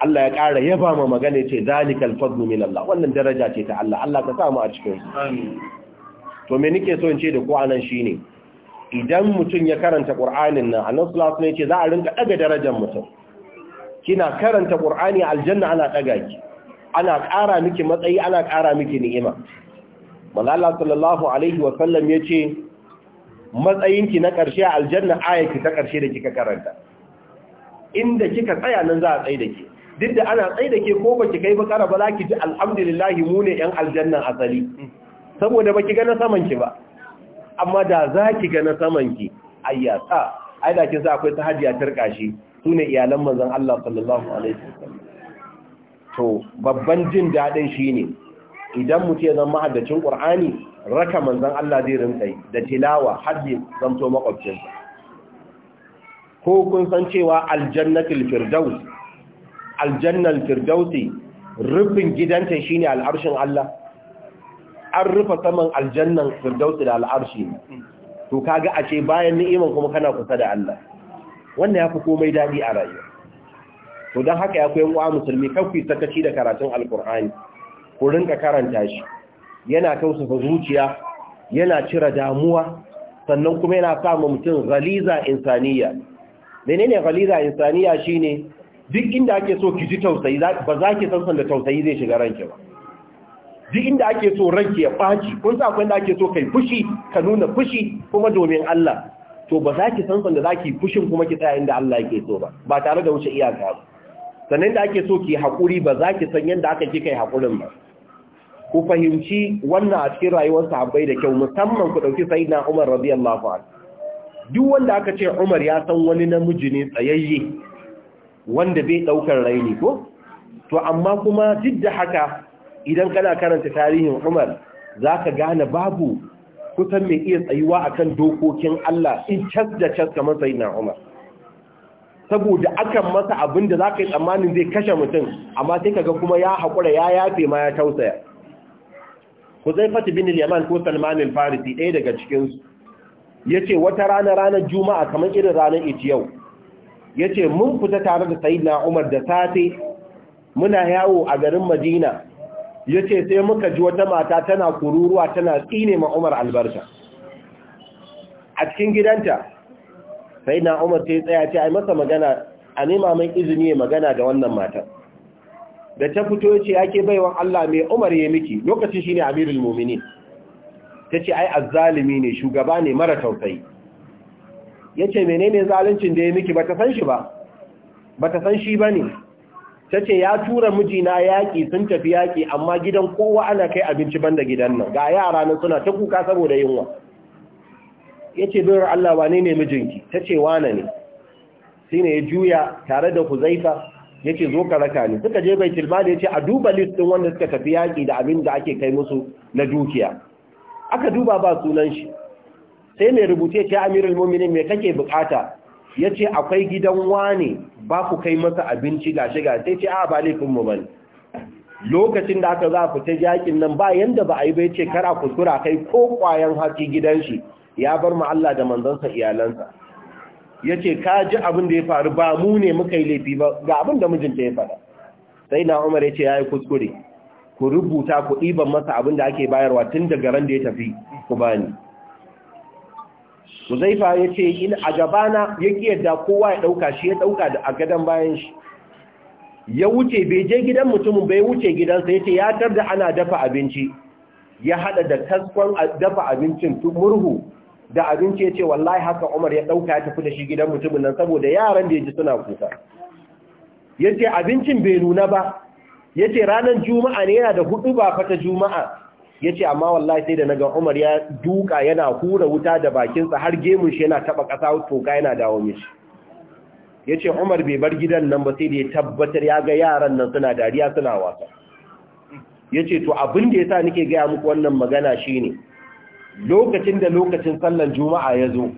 Allah ya ƙara yaba ma magana ce zalikal fadlu min Allah wannan daraja ce ta Allah Allah ka samu a cikin Amin. to me nake so in ce da ku anan shine idan mutum ya karanta Qur'anin nan annabi sallallahu alaihi wasallam ya ce za a rinka daga darajar mutum kina karanta qur'ani aljanna ana daga ki ana ƙara miki matsayi ana ƙara miki ni'ima manzo sallallahu alaihi wa sallam yace matsayinki na ƙarshe a aljanna ayaki ta ƙarshe da kika karanta inda kika tsaya nan za a tsaye da ke duk da ana tsaye da ke ko ba ki kai bakara ba za ki ji alhamdulillahi mu ne yan aljannan asali saboda ki ga na saman ki ba amma da za ki ga na saman ki ayya sa ai da kin sa akwai ta hajiya tarkashi su ne iyalan manzan Allah sallallahu alaihi wasallam to babban jin shi shine idan mutu ya zama haddacin ƙur'ani, raka manzan Allah zai rinka da tilawa haddi zamto maƙwabcinsa. ko kun san cewa aljannatul firdaus aljannal firdausi rufin gidanta shine al'arshin Allah an rufa saman aljannan firdausi da al'arshi to kaga ashe bayan ni'iman kuma kana kusa da Allah wannan ya fi komai daɗi a rayuwa to don haka ya koyan wa musulmi kawai sakaci da karatun alkur'ani ku rinka karanta shi yana tausasa zuciya yana cire damuwa sannan kuma yana sa ma mutum ghaliza insaniya menene ghaliza insaniya shine duk inda ake so ki ji tausayi ba za ki san san da tausayi zai shiga ranki ba duk inda ake so ranki ya baci kun sa kun da ake so kai fushi ka nuna fushi kuma domin Allah to ba za ki san da za ki fushin kuma ki tsaya inda Allah yake so ba ba tare da wuce iyaka ba sannan da ake so ki haƙuri ba za ki san yadda aka kika kai haƙurin ba ku fahimci wannan a cikin rayuwar sahabbai da kyau musamman ku ɗauki sayyidina Umar radiyallahu anhu duk wanda aka ce Umar ya san wani namiji ne tsayayye wanda bai ɗaukar raini ko to amma kuma duk da haka idan kana karanta tarihin Umar zaka gane babu kusan mai iya tsayuwa a kan dokokin Allah in cas da cas kamar na Umar saboda akan masa abin da za ka yi tsammanin zai kashe mutum amma sai ga kuma ya haƙura ya yafe ma ya tausaya ku zai fata bin yaman ko salmanin farisi ɗaya daga cikinsu ya ce wata rana ranar juma'a kamar irin ranar iti yau ya ce mun fita tare da sai na umar da safe muna yawo a garin madina Ya ce sai muka ji wata mata tana kururuwa tana tsine ma Umar albarka a cikin gidanta sai na Umar sai tsaya ce ai masa magana a nema mai izini ya magana da wannan mata da ta fito yace yake baiwan Allah mai Umar ya miki lokacin shine Amirul Mu'minin ce ai azzalimi ne shugaba ne mara tausayi Ya yace menene zaluncin da ya miki ta san shi ba ta san shi bane ta ce ya tura mijina yaƙi sun tafi yaƙi amma gidan kowa ana kai abinci banda gidan nan ga yara nan suna ta kuka saboda yunwa ya ce bin Allah wane ne mijinki ta ce wane ne shi ne ya juya tare da huzaifa ya ce zo ka raka ni suka je bai tilmali ya ce a duba listin wanda suka tafi yaƙi da abin da ake kai musu na dukiya aka duba ba sunan shi sai mai rubuce ce amirul muminin mai kake bukata ya ce akwai gidan wane ba ku kai masa abinci ga shiga sai ce a ah, ba laifinmu ba ne lokacin da aka za a fita yakin nan ba yadda ba a yi bai ce kara kuskura kai ko kwayan haki gidan shi ya bar mu Allah da manzansa iyalansa ya ce ka ji abin da ya faru ba mu ne muka yi laifi ba ga abin da mijinta ya faɗa sai na umar ya ce ya yi kuskure ku rubuta ku ɗiban masa abin da ake bayarwa tun daga ran da ya tafi ku bani Huzaifa ya ce in a gabana ya yadda kowa ya ɗauka shi ya ɗauka a gadon bayan shi. Ya wuce bai je gidan mutumin bai wuce gidansa ya ce ya tar da ana dafa abinci. Ya haɗa da kaskon dafa abincin murhu da abinci ya ce wallahi haka Umar ya ɗauka ya tafi da shi gidan mutumin nan saboda yaran da ya ji suna kusa. Ya ce abincin bai nuna ba. Ya ce ranar Juma'a ne yana da hudu ba fata Juma'a ya ce amma wallahi sai da na ga umar ya duka yana hura wuta da bakinsa har gemun shi yana taba kasa toka yana dawo mishi ya ce umar bai bar gidan nan ba sai da ya tabbatar ya ga yaran nan suna dariya suna wasa ya ce to abin da ya sa nake gaya muku wannan magana shi ne. lokacin da lokacin sallan juma'a ya zo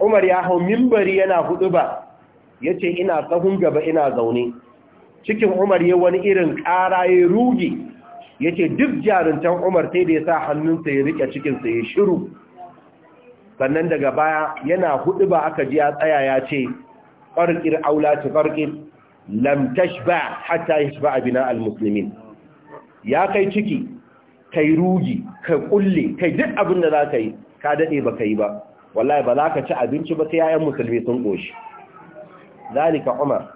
umar ya hau mimbari yana hudu ba ya ce ina tsahun gaba ina zaune cikin umar ya wani irin ƙara ya rugi yace duk jarintan Umar sai da ya sa hannunsa ya rike cikin sa ya shiru sannan daga baya yana hudu ba aka ji ya tsaya ya ce Aula ta farqir lam tashba hatta a bina musulmin ya kai ciki yi rugi ƙulle, kulle kai duk abin da zaka yi ka ba ka yi ba wallahi ba za ka ci abinci ba sai yayan musulmi sun ƙoshi? zalika umar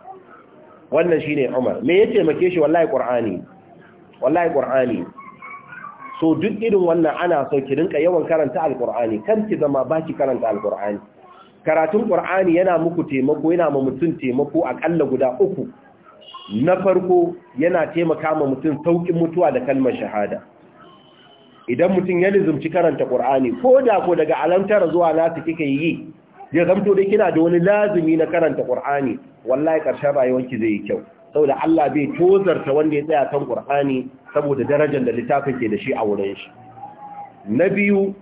wannan ne umar me ya taimake shi wallahi ƙur'ani? wallahi qur'ani so duk irin wannan ana so ki rinka yawan karanta alqur'ani kan ki zama baki karanta alqur'ani karatun qur'ani yana muku taimako yana ma mutum taimako akalla guda uku na farko yana taimaka ma mutum saukin mutuwa da kalmar shahada idan mutum ya lizumci karanta qur'ani ko da ko daga alantar zuwa nasu kika yi ya zamto dai kina da wani lazumi na karanta qur'ani wallahi ƙarshen rayuwarki zai yi kyau saboda Allah bai tozarta wanda ya tsaya kan Qur'ani saboda darajar da littafin ke da shi a wurin shi na biyu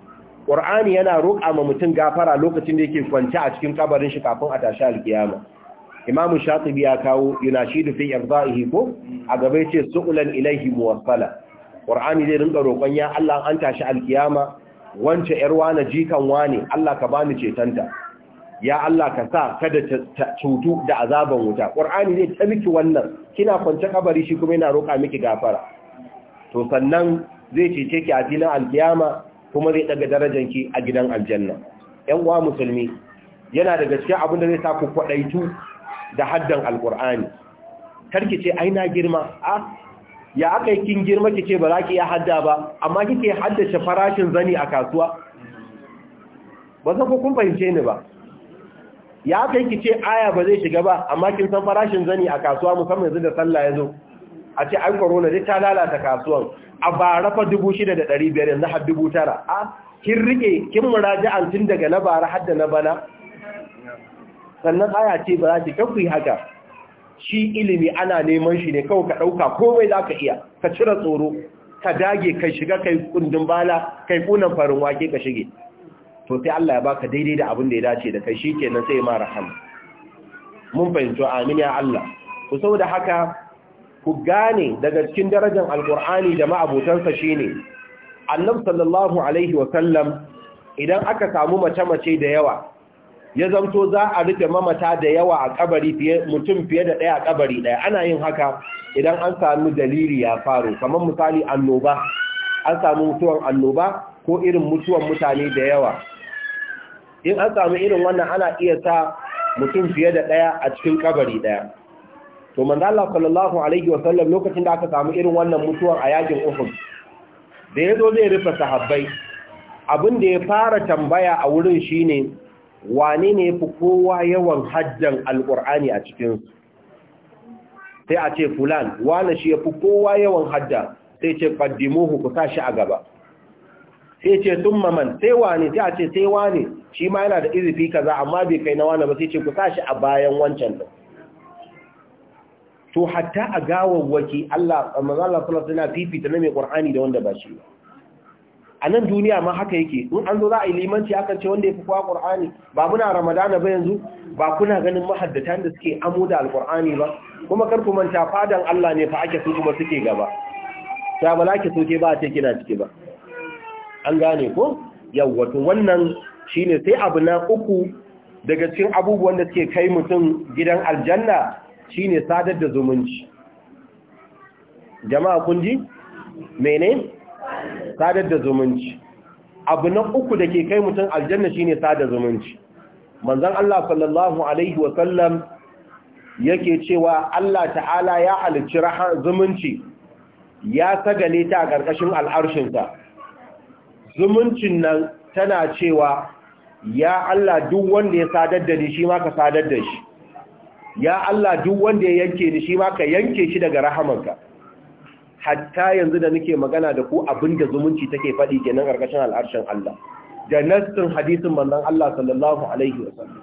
Qur'ani yana roƙa ma mutum gafara lokacin da yake kwance a cikin kabarin shi kafin a tashi alkiyama Imam Shatibi ya kawo yunashidu fi irza'ihi ko a gaba yace su'ulan ilaihi muwassala Qur'ani zai rinka roƙon ya Allah an tashi alkiyama wance yar wani jikan wani Allah ka bani cetonta. ya Allah ka sa kada ta cutu da azaban wuta qur'ani zai ta miki wannan kina kwance kabari shi kuma yana roƙa miki gafara to sannan zai cece ki a filin alkiyama kuma zai daga darajar ki a gidan aljanna yan uwa musulmi yana da cikin abin da zai sa ku kwadaitu da haddan alqur'ani karki ce ai na girma a ya aka kin girma ki ce ba za ki iya hadda ba amma kike haddace farashin zani a kasuwa ba za ko kun fahimce ni ba ya kai ki ce aya ba zai shiga ba amma kin san farashin zani a kasuwa musamman yanzu da sallah ya zo a ce an corona duk ta lalata kasuwan a bara fa 6500 yanzu har 9000 a kin rike kin an tun daga na bara har da na bana sannan aya ce ba za ki kafi haka shi ilimi ana neman shi ne kawai ka dauka komai ka iya ka cire tsoro ka dage ka shiga kai kundin bala kai kunan farin wake ka shige to sai Allah ya baka daidai da abin da ya dace da kai shikenan sai ma rahama mun fahimto amin ya Allah ku saboda haka ku gane daga cikin darajar alqur'ani da ma'abutansa shine annabi sallallahu alaihi wa sallam idan aka samu mace mace da yawa ya zanto za a rufe mamata da yawa a kabari fiye mutum fiye da daya a kabari daya ana yin haka idan an samu dalili ya faru kamar misali annoba an samu mutuwan annoba ko irin mutuwan mutane da yawa in an samu irin wannan ana iya sa mutum fiye da ɗaya a cikin kabari ɗaya to manzo Allah sallallahu alaihi wasallam lokacin da aka samu irin wannan mutuwar a yakin Uhud da ya zo zai rufe sahabbai abin da ya fara tambaya a wurin shine wane ne fi kowa yawan hajjan alqur'ani a cikin sai a ce fulan wane shi ya fi kowa yawan hajja sai ce qaddimuhu ku sa shi a gaba sai ce sun maman sai wane sai a ce sai wane shi ma yana da izifi kaza amma bai kai na wane ba sai ce ku sa a bayan wancan da to hatta a gawar waki Allah manzala sallallahu fifita na mai qur'ani da wanda ba shi ba a nan duniya ma haka yake in an zo za a yi limanci akan ce wanda ya fi kowa ƙur'ani? ba muna ramadana ba yanzu ba kuna ganin mahaddatan da suke amu da Alƙur'ani ba kuma kar ku manta fadan Allah ne fa ake so kuma suke gaba ta balake soke ba a ce kina ciki ba an gane ko yawwa to wannan shine sai abu na uku daga cikin abubuwan da suke kai mutum gidan aljanna shine sadar da zumunci jama'a kun ji mene sadar da zumunci abu na uku da ke kai mutum aljanna shine da zumunci manzon Allah sallallahu alaihi wasallam yake cewa Allah ta'ala ya halicci zumunci ya sagale ta a ƙarƙashin al'arshinsa zumuncin nan tana cewa ya Allah duk wanda ya sadar da ni shi ma ka sadar da shi ya Allah duk wanda ya yanke ni shi ma ka yanke shi daga rahamanka hatta yanzu da nake magana da ku abinda zumunci take faɗi kenan karkashin al'arshin Allah da nassin hadisin manzon Allah sallallahu alaihi wasallam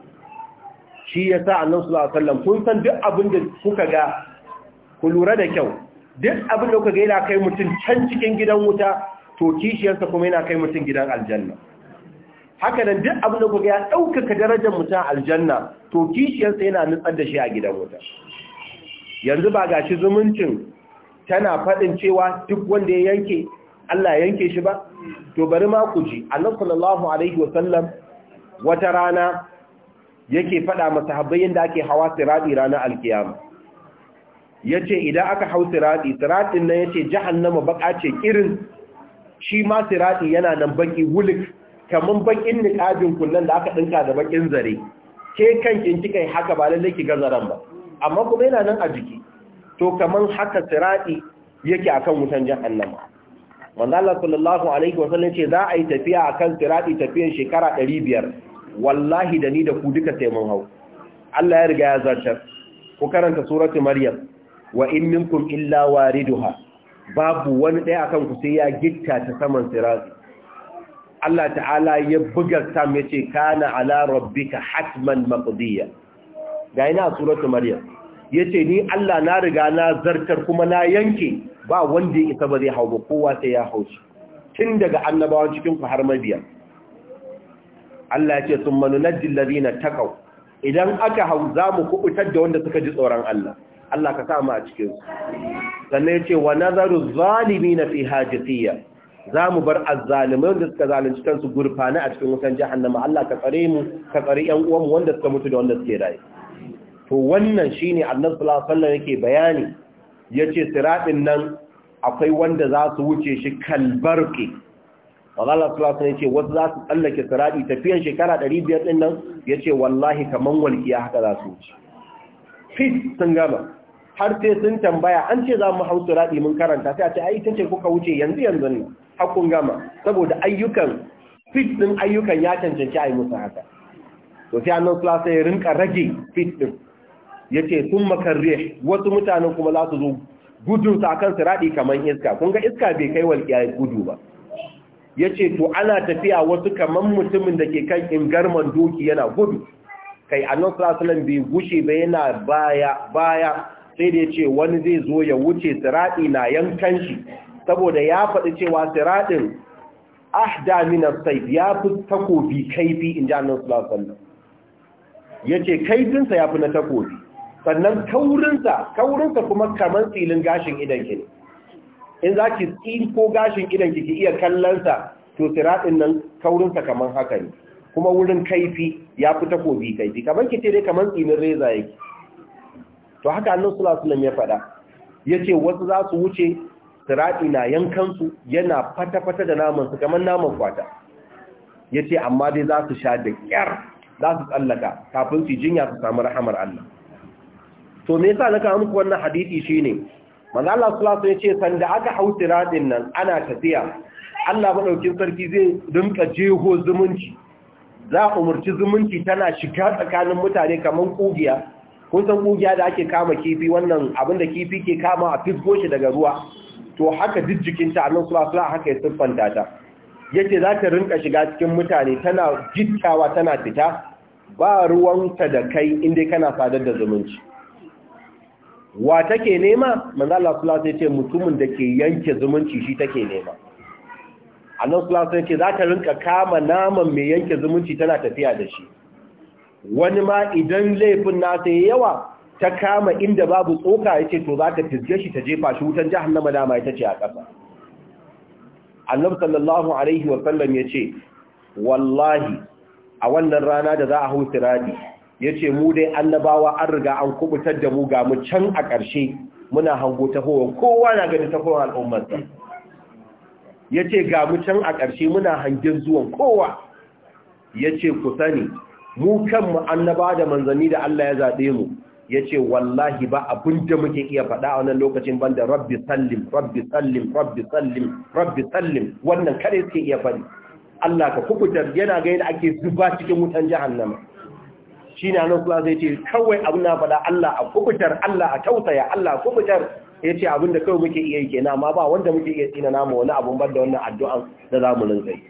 shi yasa annabi sallallahu alaihi wasallam kun san duk abinda kuka ga ku lura da kyau duk abinda kuka ga yana kai mutum can cikin gidan wuta to kishiyarsa kuma yana kai mutum gidan aljanna haka nan duk abin da kuka ya ɗaukaka darajar mutum aljanna to kishiyarsa yana nutsar da shi a gidan wuta yanzu ba gashi zumuncin tana faɗin cewa duk wanda ya yanke Allah ya yanke shi ba to bari ma ku ji Allah sallallahu alaihi wasallam wata rana yake faɗa masa habbayin da ake hawa siradi ranar alkiyama yace idan aka hau siradi siradin nan yace jahannama baka ce irin shi ma sirati yana nan baki wulik kaman bakin niqabin kullun da aka dinka da bakin zare ke kan in kika yi haka ba lalle ki gazaran ba amma kuma yana nan a jiki to kaman haka sirati yake akan wutan jahannama wanda Allah sallallahu alaihi wasallam ce za a yi tafiya akan sirati tafiyan shekara 500 wallahi da ni da ku duka sai mun hau Allah ya riga ya zartar ku karanta suratu maryam wa in minkum illa wariduha babu wani ɗaya akan ku sai ya gitta ta saman sirati Allah ta'ala ya buga sam ya ce kana ala rabbika hatman maqdiya ga ina suratu maryam yace ni Allah na riga na zartar kuma na yanke ba wanda ya isa ba zai hau ba kowa sai ya haushi tun daga annabawan cikin ku har mabiya Allah yace summa nunajjil ladina taqaw idan aka hau mu kubutar da wanda suka ji tsoron Allah Allah ka kama a cikin su sannan yace wa nazaru zalimina fi hajatiyya za mu bar azzalimai da suka zalunci kansu gurfana a cikin wutan jahannama Allah ka tsare mu ka tsare ƴan uwanmu wanda suka mutu da wanda suke raye to wannan shine Annabi sallallahu alaihi wasallam yake bayani yace siratin nan akwai wanda za su wuce shi kalbarki Allah sallallahu alaihi wasallam yace wasu za su tsallake sirati tafiyan shekara 500 din nan yace wallahi kaman walkiya haka za su wuce fit sun gama har sai sun tambaya an ce za mu hau suraɗi mun karanta sai a ce ai ce kuka wuce yanzu yanzu ne hakun gama saboda ayyukan fit din ayyukan ya cancanci a musu haka to sai annan sula sai rinka rage fit din ya ce sun makarre wasu mutanen kuma za su zo gudun sa kan suradi kamar iska kun ga iska bai kai walƙiya gudu ba ya ce to ana tafiya wasu kamar mutumin da ke kan ingarman doki yana gudu kai annan sula bai gushe ba yana baya baya sai da ya ce wani zai zo ya wuce siraɗi na yankan shi saboda ya faɗi cewa siraɗin ahda minas saif ya fi takobi kaifi in ji annan sulasallam ya ce kaifinsa ya fi na takobi sannan kaurinsa kaurinsa kuma kamar tsilin gashin idanki ne in za ki tsin ko gashin idanki ki iya kallonsa to siraɗin nan kaurinsa kamar haka ne kuma wurin kaifi ya fi takobi kaifi kamar ki ce dai kamar tsinin reza yake to haka Allah sallallahu alaihi ya faɗa yace wasu za su wuce sirati na yankan su yana fata-fata da naman su kamar naman kwata yace amma dai za su sha da kyar za su tsallaka kafin su jinya su samu rahamar Allah to me yasa na kawo muku wannan hadisi shine manzo Allah sallallahu alaihi yace sanda aka hau siratin nan ana tafiya Allah ba dauki sarki zai dinka jeho zumunci za umurci zumunci tana shiga tsakanin mutane kamar kugiya kun san kugiya da ake kama kifi wannan abin da kifi ke kama a fisgo shi daga ruwa to haka duk jikinta annan sulasula haka ya siffanta ta yace za ta rinka shiga cikin mutane tana jittawa tana fita ba ruwan ruwanta da kai inda kana sadar da zumunci wa take nema manzo Allah sulasula yace mutumin da ke yanke zumunci shi take nema nan sulasula yace za ta rinka kama naman mai yanke zumunci tana tafiya da shi wani ma idan laifin nasa ya yawa ta kama inda babu tsoka ya ce to za ka fizge shi ta jefa shi wutan jahannama dama ya ce a ƙasa annab sallallahu alaihi wasallam ya ce wallahi a wannan rana da za a hau siradi ya ce mu dai annabawa an riga an kubutar da mu ga mu can a ƙarshe muna hango tahowar kowa na gani tahowar al'ummarsa ya ce ga mu can a ƙarshe muna hangen zuwan kowa ya ce ku sani mu kanmu annaba da manzanni da Allah ya zaɓe mu ya ce wallahi ba abin da muke iya faɗa a wannan lokacin banda rabbi sallim rabbi sallim rabbi sallim rabbi sallim wannan kare suke iya faɗi Allah ka kubutar yana ga yadda ake zuba cikin wutan jahannama shi ne anan kula zai ce kawai abin na faɗa Allah a kukutar Allah a tausaya Allah a kukutar ya ce abin da kawai muke iya yi kenan amma ba wanda muke iya tsina namu wani abun ban da wannan addu'an da za mu yi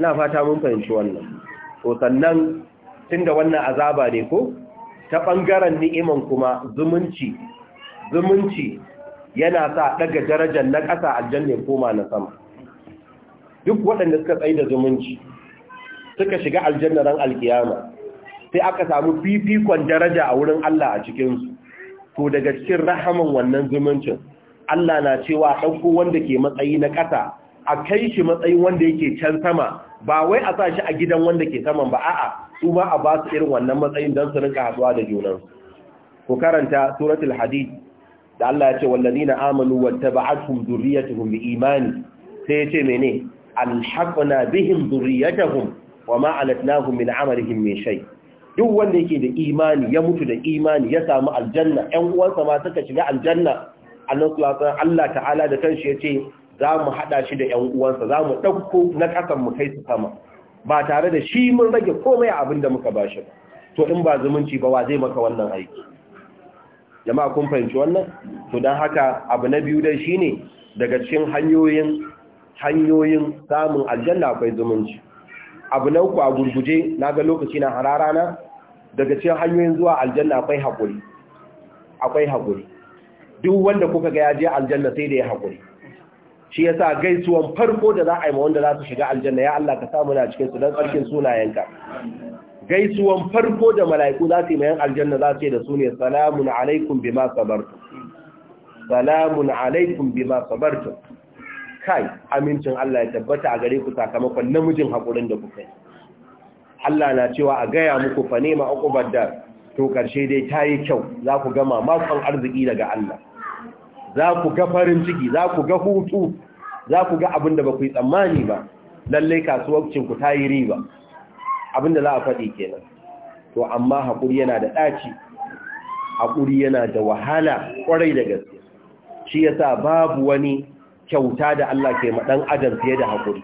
ina fata mun fahimci wannan to sannan tunda wannan azaba ne ko ta bangaren ni'iman kuma zumunci zumunci yana sa daga darajar na ƙasa aljanna koma na sama duk waɗanda suka tsaye da zumunci suka shiga aljanna ran alkiyama sai aka samu fifikon daraja a wurin Allah a cikinsu to daga cikin rahaman wannan zumuncin Allah na cewa ɗauko wanda ke matsayi na ƙasa a kai shi matsayin wanda yake can sama ba wai a sa shi a gidan wanda ke saman ba a'a su ba a ba su irin wannan matsayin don su rinka haɗuwa da junan ku karanta suratul hadid da Allah ya ce na amanu wattaba'atuhum dhurriyyatuhum biimani sai ya ce mene alhaqna bihim dhurriyyatuhum wama alatnahum min amalihim min shay duk wanda yake da imani ya mutu da imani ya samu aljanna ƴan uwansa ma suka shiga aljanna Allah ta'ala da kanshi ya ce za mu haɗa shi da ‘yan uwansa za mu ɗauko na ƙasan mu kai su sama ba tare da shi mun rage komai abin da muka ba shi to in ba zumunci ba wa zai maka wannan aiki jama'a kun fahimci wannan to don haka abu na biyu dai ne daga cikin hanyoyin hanyoyin samun aljanna akwai zumunci abu na uku a gurguje na ga lokaci na hararana daga cikin hanyoyin zuwa aljanna akwai haƙuri akwai haƙuri duk wanda kuka ga ya je aljanna sai da ya hakuri shi yasa gaisuwan farko da za a yi ma wanda za su shiga aljanna ya Allah ka samu na cikin su dan tsarkin sunayenka gaisuwan farko da mala'iku za su yi mayan aljanna za su yi da su ne salamun alaikum bima sabartu salamun alaikum bima sabartu kai amincin Allah ya tabbata a gare ku sakamakon namijin hakurin da kuka yi Allah na cewa a gaya muku fa nema uqubar da to karshe dai tayi kyau za ku ma san arziki daga Allah za ku ga farin ciki za ku ga hutu za ku ga abin da ba ku yi tsammani ba lalle kasuwancinku ta yi riba abin da za a faɗi kenan to amma hakuri yana da ɗaci hakuri yana da wahala ƙwarai da gaske shi yasa babu wani kyauta da Allah ke ma ɗan adam fiye da hakuri?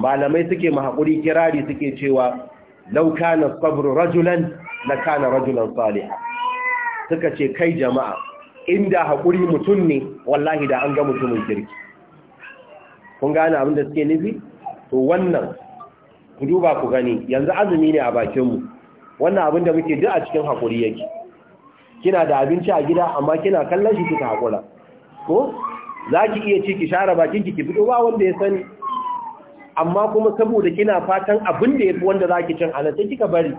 malamai suke ma haƙuri kirari suke cewa lau kana sabru rajulan la kana rajulan salihan suka ce kai jama'a inda haƙuri mutum ne wallahi da an ga mutumin kirki kun gane abin da suke nufi to wannan ku duba ku gani yanzu azumi ne a bakinmu wannan abin da muke duk a cikin haƙuri yake kina da abinci a gida amma kina kallon shi kika haƙura ko za ki iya ci ki share bakin ki ki fito ba wanda ya sani amma kuma saboda kina fatan abin da ya fi wanda za ki cin ana sai kika bari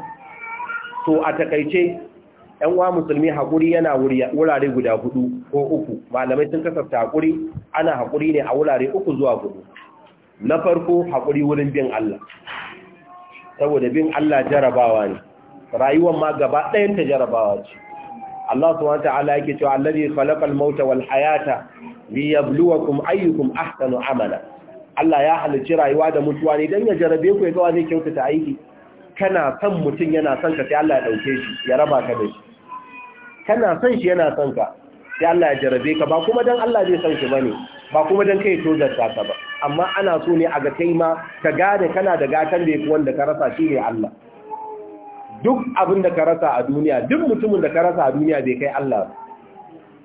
to a takaice ‘yan wa musulmi haƙuri yana wurare guda hudu ko uku malamai sun kasafta haƙuri ana haƙuri ne a wurare uku zuwa hudu na farko haƙuri wurin bin Allah saboda bin Allah jarabawa ne Rayuwan ma gaba ɗayanta jarabawa ce Allah wata ta'ala yake cewa allazi khalaqal mauta wal hayata liyabluwakum ayyukum ahsanu amala Allah ya halicci rayuwa da mutuwa ne dan ya jarabe ku ya ga wani kyautata aiki kana son mutum yana son ka sai Allah ya dauke shi ya raba ka da shi kana son shi yana son ka sai Allah ya jarabe ka ba kuma dan Allah zai san shi bane ba kuma dan kai zarta ka ba amma ana so ne a ga kai ma ka gane kana da gatan da yake wanda ka rasa shi ne Allah duk abin da ka rasa a duniya duk mutumin da ka rasa a duniya bai kai Allah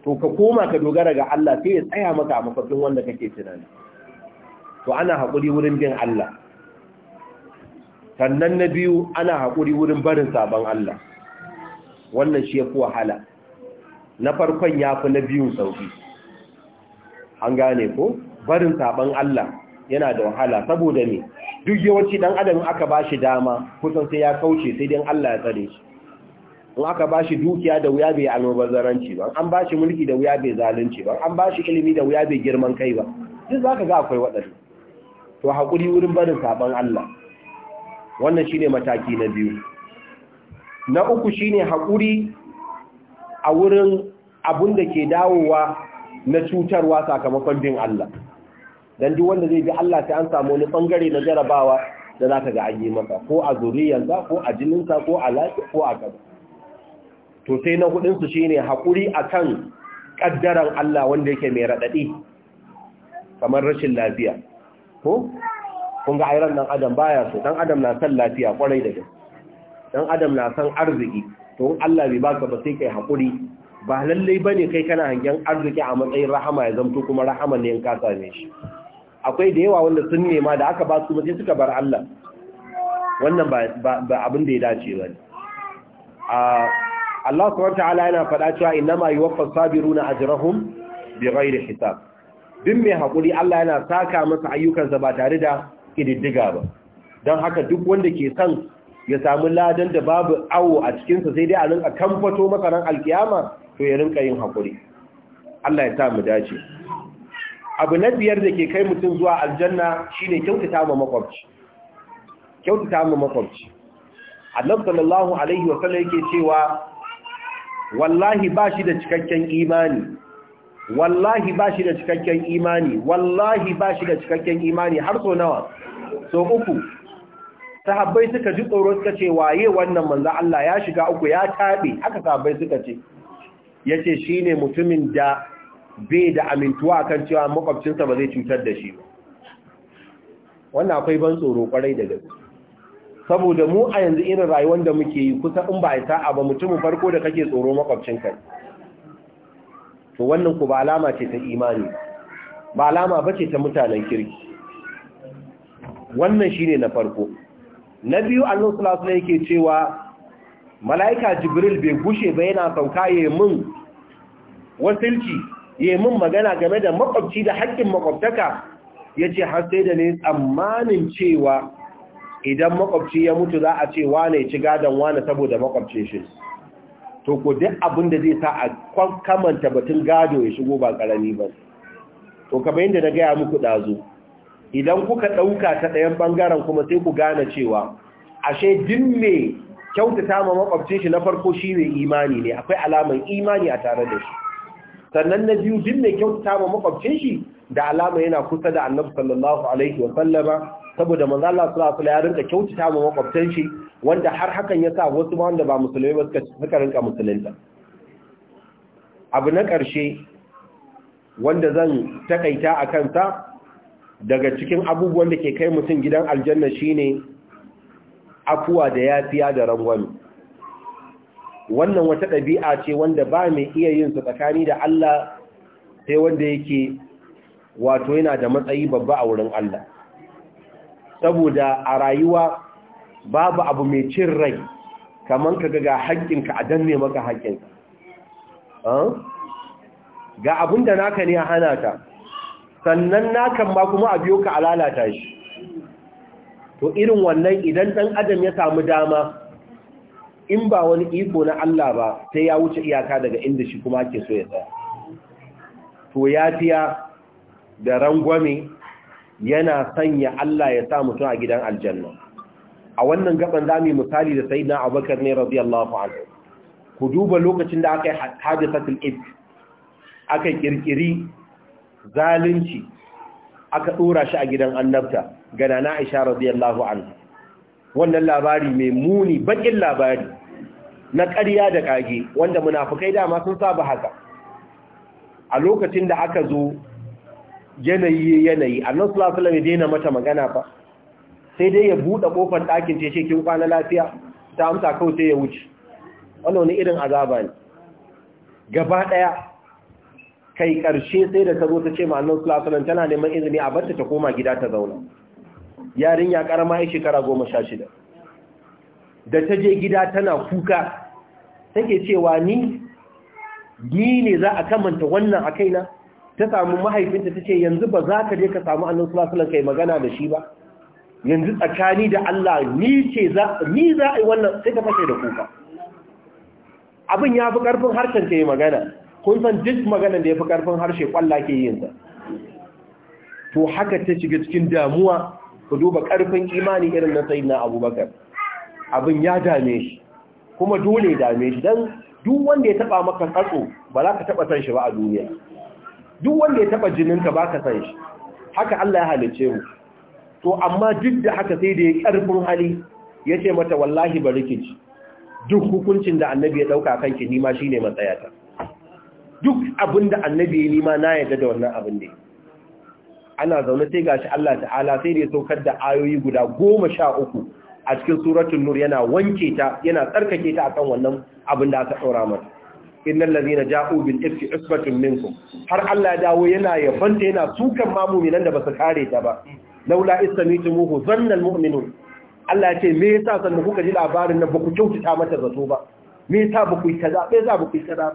to ka koma ka dogara ga Allah sai ya tsaya maka a mafakin wanda kake tunani to ana haƙuri wurin bin Allah sannan na biyu ana hakuri wurin barin sabon Allah wannan shi ya fi wahala na farkon ya fi na biyun sauki an gane ko barin saban Allah yana da wahala saboda ne duk yawanci dan adam aka bashi dama kusan sai ya kauce sai dan Allah ya tsare shi in aka bashi dukiya da wuya bai almubazzaranci ba an bashi mulki da wuya bai zalunci ba an bashi ilimi da wuya bai girman kai ba duk zaka ga akwai wadannan to hakuri wurin barin saban Allah wannan shine mataki na biyu na uku shine hakuri a wurin abun da ke dawowa na cutarwa sakamakon bin Allah dan duk wanda zai bi Allah sai an samu wani bangare na jarabawa da zaka ga an yi masa ko a zuriyarsa ko a jininsa ko a lafi ko a kaza to sai na hudun su shine haƙuri akan kaddaran Allah wanda yake mai radadi kamar rashin lafiya ko kun ga ayran adam baya so dan adam na san lafiya kwarai da gaske dan adam na san arziki to in Allah bai baka ba sai kai hakuri ba lallai bane kai kana hangen arziki a matsayin rahama ya zamto kuma rahama ne in ka same shi akwai da yawa wanda sun nema da aka ba su kuma sai suka bar Allah wannan ba abin da ya dace ba ne Allah subhanahu ta'ala yana faɗa cewa innama yuwaffas sabiruna ajrahum bighairi hisab din mai hakuri Allah yana saka masa ayyukansa ba tare da kididdiga ba don haka duk wanda ke son ya samu ladan da babu awo a cikinsa sai dai a rinka kamfato makaran alkiyama to ya rinka yin haƙuri Allah ya samu dace abu na biyar da ke kai mutum zuwa aljanna shine kyautata ma makwabci kyautata ma makwabci Allah sallallahu alaihi wa sallam yake cewa wallahi ba da cikakken imani wallahi ba da cikakken imani wallahi ba shi da cikakken imani har so nawa so uku sahabbai suka ji tsoro suka ce waye wannan manzo Allah ya shiga uku ya tabe haka sahabbai suka ce yace shine mutumin da bai da amintuwa kan cewa makwabcinsa ba zai cutar da shi ba wannan akwai ban tsoro kwarai da gaske saboda mu a yanzu irin rayuwar da muke yi kusa in ba a ba mutumin farko da kake tsoro makwabcinka to wannan ku ba alama ce ta imani ba alama bace ta mutanen kirki wannan shine na farko na biyu annon ne yake cewa mala'ika jibril bai gushe ba yana sauka ya mun wasilci ya mun magana game da makwabci da haƙƙin makwabtaka ya ce har sai da ne tsammanin cewa idan makwabci ya mutu za a ce wane ci gadon wane saboda makwabci shi to ko duk abin da zai sa a kamanta batun gado ya shigo ba ƙarami ba to kamar yadda na gaya muku ɗazu idan kuka ɗauka ta ɗayan ɓangaren kuma sai ku gane cewa ashe din me kyautata ma makwabcin shi na farko shi ne imani ne akwai alaman imani a tare da shi sannan na biyu din me kyautata ma makwabcin shi da alama yana kusa da annabi sallallahu alaihi wa sallama saboda manzo Allah sallallahu alaihi ya rinka kyautata ma makwabcin shi wanda har hakan ya sa wasu ma wanda ba musulmai ba suka suka rinka musulunta abu na ƙarshe wanda zan takaita a kansa daga cikin abubuwan da ke kai mutum gidan aljanna shine afuwa da yafiya da rangwami wannan wata ɗabi'a ce wanda ba mai iya yin su tsakani da Allah sai wanda yake wato yana da matsayi babba a wurin Allah saboda a rayuwa babu abu mai cin rai kamar ka ga haƙƙinka a danne maka haƙƙinka ga abin da naka ne a hana ta sannan nakan ma kuma a biyo ka a lalata shi to irin wannan idan ɗan adam ya samu dama in ba wani iko na Allah ba sai ya wuce iyaka daga inda shi kuma ake so ya tsaya to ya fiya da rangwame yana sanya Allah ya sa mutum a gidan aljanna a wannan gaban zamu misali da sayyidina Abubakar ne radiyallahu anhu ku duba lokacin da aka yi hadisatul ifk aka kirkiri zalunci aka dora shi a gidan annabta ga nana Aisha radiyallahu anha wannan labari mai muni bakin labari na ƙarya da kage wanda munafukai dama sun saba haka a lokacin da aka zo yanayi yanayi annabi sallallahu alaihi wasallam daina mata magana fa sai dai ya bude kofar ɗakin ce kin kwana lafiya ta amsa kawai sai ya wuce wannan irin azaba ne gaba ɗaya kai ƙarshe sai da ta zo ta ce ma annan sulasulan tana neman izini a barta ta koma gida ta zauna yarin ya ƙarama ya shekara goma sha shida da ta je gida tana kuka take cewa ni ni ne za a kamanta wannan a kaina ta samu mahaifinta ta ce yanzu ba za ka je ka samu annan sulasulan kai magana da shi ba yanzu tsakani da Allah ni ce za ni za a yi wannan sai ta fashe da kuka abin ya fi ƙarfin harkar ta yi magana kun san duk maganar da ya fi ƙarfin harshe kwalla ke yin sa. to haka ta shiga cikin damuwa ku duba ƙarfin imani irin na sayyidina abubakar abin ya dame shi kuma dole ya dame shi don duk wanda ya taɓa maka tsatso ba za ka taɓa san shi ba a duniya duk wanda ya taɓa ka ba ka san shi haka Allah ya halice mu to amma duk da haka sai da ya karfin hali ya ce mata wallahi ba rikici duk hukuncin da annabi ya ɗauka kanki nima shine matsayata duk abin da annabi ya nima na yadda da wannan abin ne ana zaune sai gashi Allah ta'ala sai da ya saukar da ayoyi guda goma sha uku a cikin suratun nur yana wanke ta yana tsarkake ta akan wannan abin da aka ɗora mata innal na ja'u bil ifki usbatun minkum har Allah ya dawo yana yabanta yana tukan ma mu'minan da basu kare ta ba laula istamitumuhu zanna al mu'minun Allah ya ce me yasa sannu kuka ji labarin nan ba ku kyautata mata zato ba me yasa ba ku yi kaza me yasa ba ku yi kaza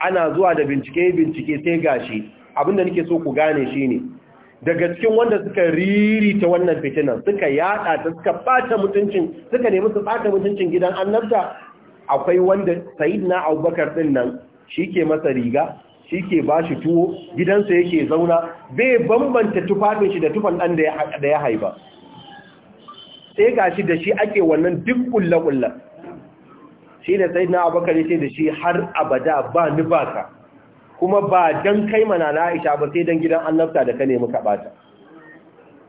ana zuwa da bincike bincike sai gashi abinda nake so ku gane shine daga cikin wanda suka ririta wannan fitinan suka yada ta suka bata mutuncin suka nemi su bata mutuncin gidan annabta akwai wanda sayyidina abubakar din nan shike masa riga shike bashi tuwo gidansa yake zauna bai bambanta tufafin shi da tufan dan da ya haifa sai gashi da shi ake wannan duk kullakullar shi ne sai na abokan ya ce da shi har abada ba ni ba ka kuma ba don kai mana na aisha ba sai don gidan annabta da ka nemi ka bata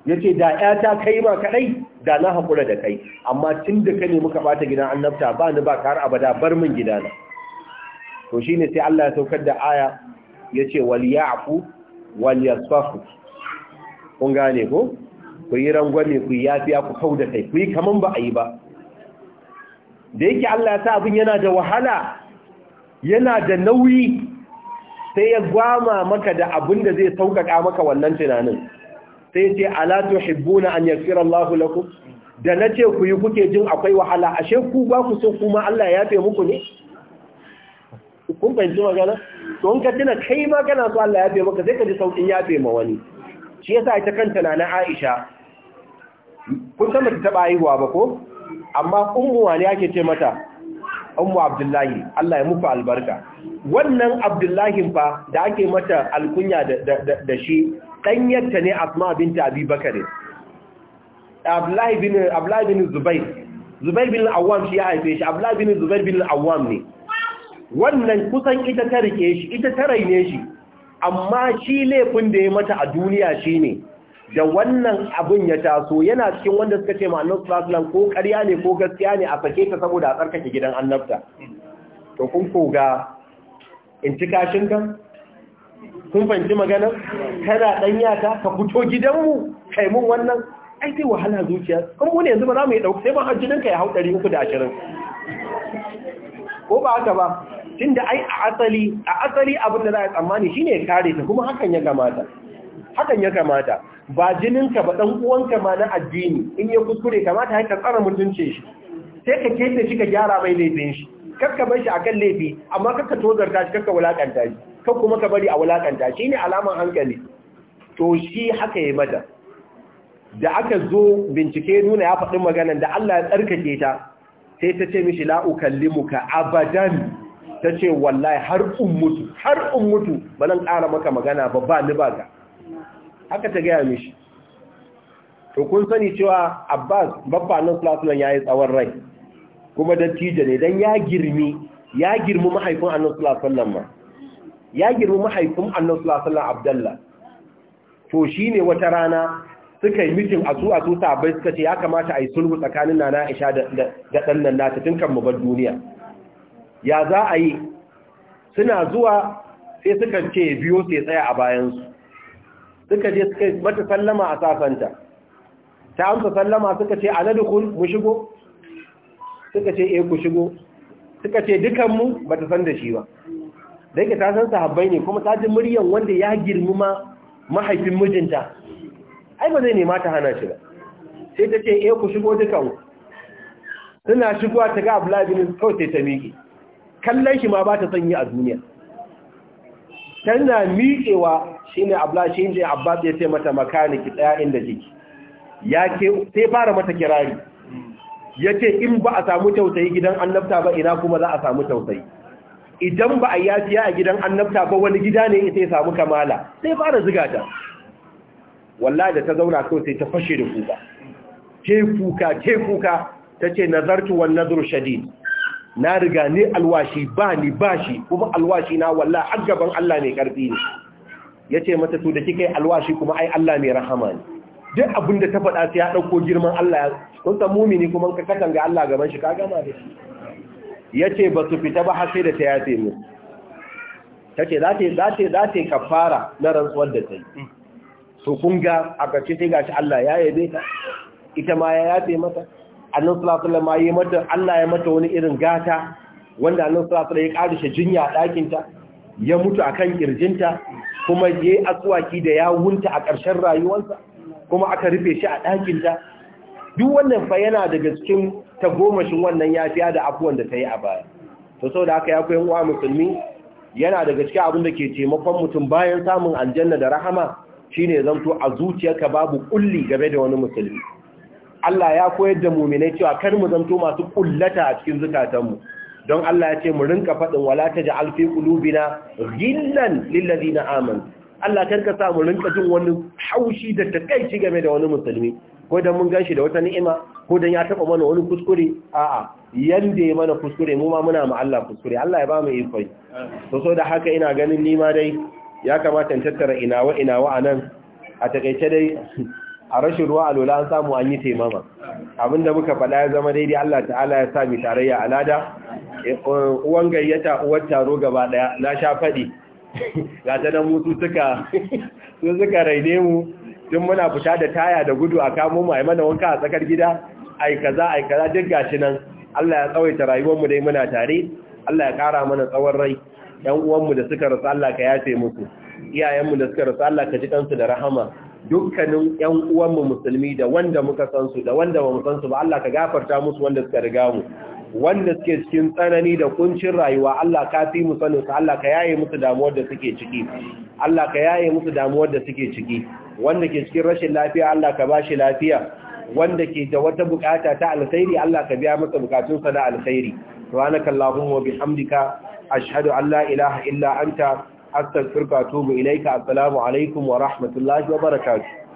ya ce da ya ta kai ma kaɗai da na haƙura da kai amma tun da ka nemi ka bata gidan annabta ba ni ba har abada bar min gidana to shi ne sai Allah ya saukar da aya ya ce wal ya'fu wal yasfahu kun gane ku yi rangwame ku yafiya ku kau da kai ku yi kaman ba a yi ba da yake Allah ya sa abin yana da wahala yana da nauyi sai ya gwama maka da abin da zai saukaka maka wannan tunanin sai ce ala tuhibbuna an yaghfira Allahu lakum da nace ku yi kuke jin akwai wahala ashe ku ba ku so kuma Allah ya yafe muku ne kun fahimci magana Don ka tuna kai ma kana so Allah ya yafe maka sai ka ji saukin yafe ma wani shi yasa ita kanta na Aisha kun san bata taba haihuwa ba ko amma ummu ne ake ce mata ummu abdullahi Allah ya muku albarka wannan abdullahi fa da ake mata alkunya da shi ɗanyarta ne asma binta abi bakare abdullahi bin zubair zubair bin awam shi ya haife shi abdullahi bin zubair bin awam ne wannan kusan ita ta rike shi ita ta raine shi amma shi laifin da ya mata a duniya shi ne da wannan abin ya taso yana cikin wanda suka ce ma annabi Faslan ko ƙarya ne ko gaskiya ne a sake ta saboda a tsarkake gidan annabta to kun koga in ci kashin kan kun fahimci magana kana ɗan yata ka fito gidanmu kai mun wannan ai sai wahala zuciya kuma wani yanzu ba za mu yi ɗauki sai ba hajjinin ka ya hau ɗari da ashirin. ko ba haka ba tunda ai a asali a asali abin da za a tsammani shine ya kare ta kuma hakan ya kamata hakan ya kamata ba jininka ba ɗan uwanka ma na addini in ya kuskure kamata ka tsara mutunce shi sai ka kefe shi ka gyara mai laifin shi kakka bar shi akan laifi amma kakka tozarta shi kakka wulakanta shi Kar kuma ka bari a wulakanta shi ne alaman hankali to shi haka ya mata da aka zo bincike nuna ya faɗi maganan da Allah ya tsarkake ta sai ta ce mishi ka abadan ta ce wallahi har ummutu har ummutu ba nan ƙara maka magana ba ba ni ba ga haka ta gaya mishi to kun sani cewa abbas babba nan sulasulan ya yi tsawon rai kuma dattijo ne don ya girmi ya girmi mahaifin annan sulasulan ma ya girmi mahaifin annan sulasulan abdallah to shi ne wata rana suka yi mitin a su a su sabai suka ce ya kamata a yi sulhu tsakanin na na isha da nan nata tun kan mabar duniya ya za a yi suna zuwa sai suka ce biyo sai tsaya a bayansu suka je suka mata sallama a safanta ta amsa sallama suka ce a nadukun mu shigo suka ce eh ku shigo suka ce dukanmu ba ta san da shi ba da yake ta san sahabbai ne kuma ta ji muryan wanda ya girmama mahaifin mijinta ai ba zai nema ta hana shi ba sai ta ce eh ku shigo dukan suna shigowa ta ga Abdullahi bin Kawai sai ta miƙe kallon shi ma ba ta sanyi a duniya tana miƙewa shine ablashin je abbas ya ce mata makaniki ɗaya inda jiki ke sai fara mata kirari Ya ce in ba a samu tausayi gidan annabta ba ina kuma za a samu tausayi idan ba a yi yafiya a gidan annabta ba wani gida ne ya samu kamala sai fara ziga ta wallahi da ta zauna kawai sai ta fashe da kuka ce kuka ce kuka tace nazartu wan nadru shadid na riga ne alwashi ba ni ba shi kuma alwashi na walla har gaban Allah mai karfi ne yace mata to da kika yi alwashi kuma ai Allah mai rahama ne duk abin da ta faɗa sai ya ɗauko girman Allah kun san mumini kuma ka katanga ga Allah gaban shi ka gama da shi yace ba su fita ba har sai da ta yafe mu tace za ta za ta za ta kafara na rantsuwar da ta yi to kun ga a ƙarshe sai gashi Allah ya yabe ta ita ma ya yafe mata annabi ma yi mata Allah ya mata wani irin gata wanda annabi sallallahu ya karishe jinya a ɗakinta, ya mutu akan kirjinta kuma yayi atsuwaki da ya wunta a ƙarshen rayuwarsa kuma aka rufe shi a ɗakinta. duk wannan fa yana daga cikin tagomashin wannan yafiya da abuwan da ta yi a baya to saboda haka ya koyan uwa musulmi yana daga cikin abin da ke taimakon mutum bayan samun aljanna da rahama shine zanto a zuciyarka babu kulli game da wani musulmi Allah ya koyar da muminai cewa kar mu zanto masu kullata a cikin zukatanmu don Allah ya ce mu rinka faɗin wala ta ja'al fi qulubina ghillan lil ladina amanu Allah kar ka sa mu rinka jin wani haushi da takaici game da wani musulmi ko dan mun ganshi da wata ni'ima ko dan ya taba mana wani kuskure a'a yanda ya mana kuskure mu ma muna ma Allah kuskure Allah ya ba mu iko to so da haka ina ganin ni ma dai ya kamata in tattara ina wa ina wa anan a takaice dai a rashin ruwa a lola an samu an yi taimama abinda muka faɗa ya zama daidai Allah ta'ala ya sami tarayya. A Lada, eh, uwan gayyata uwar taro gaba daya na sha faɗi ga ta nan mutu suka su suka raine mu tun muna fita da taya da gudu a kamo mu a mana wanka a tsakar gida ai kaza ai kaza duk gashi nan Allah ya tsawaita rayuwar mu dai muna tare Allah ya kara mana tsawon rai yan mu da suka rasu Allah ka yafe musu iyayenmu da suka rasu Allah ka ji kansu da rahama dukkanin ƴan uwanmu musulmi da wanda muka san su da wanda ba mu san su ba Allah ka gafarta musu wanda suka riga mu wanda suke cikin tsanani da kuncin rayuwa Allah ka fi mu sanin su Allah ka yaye musu damuwar da suke ciki Allah ka yaye musu damuwar da suke ciki wanda ke cikin rashin lafiya Allah ka bashi lafiya wanda ke da wata bukata ta alkhairi Allah ka biya masa sa na alkhairi subhanakallahumma wa bihamdika ashhadu an la ilaha illa anta حتى الفرقة توب إليك السلام عليكم ورحمة الله وبركاته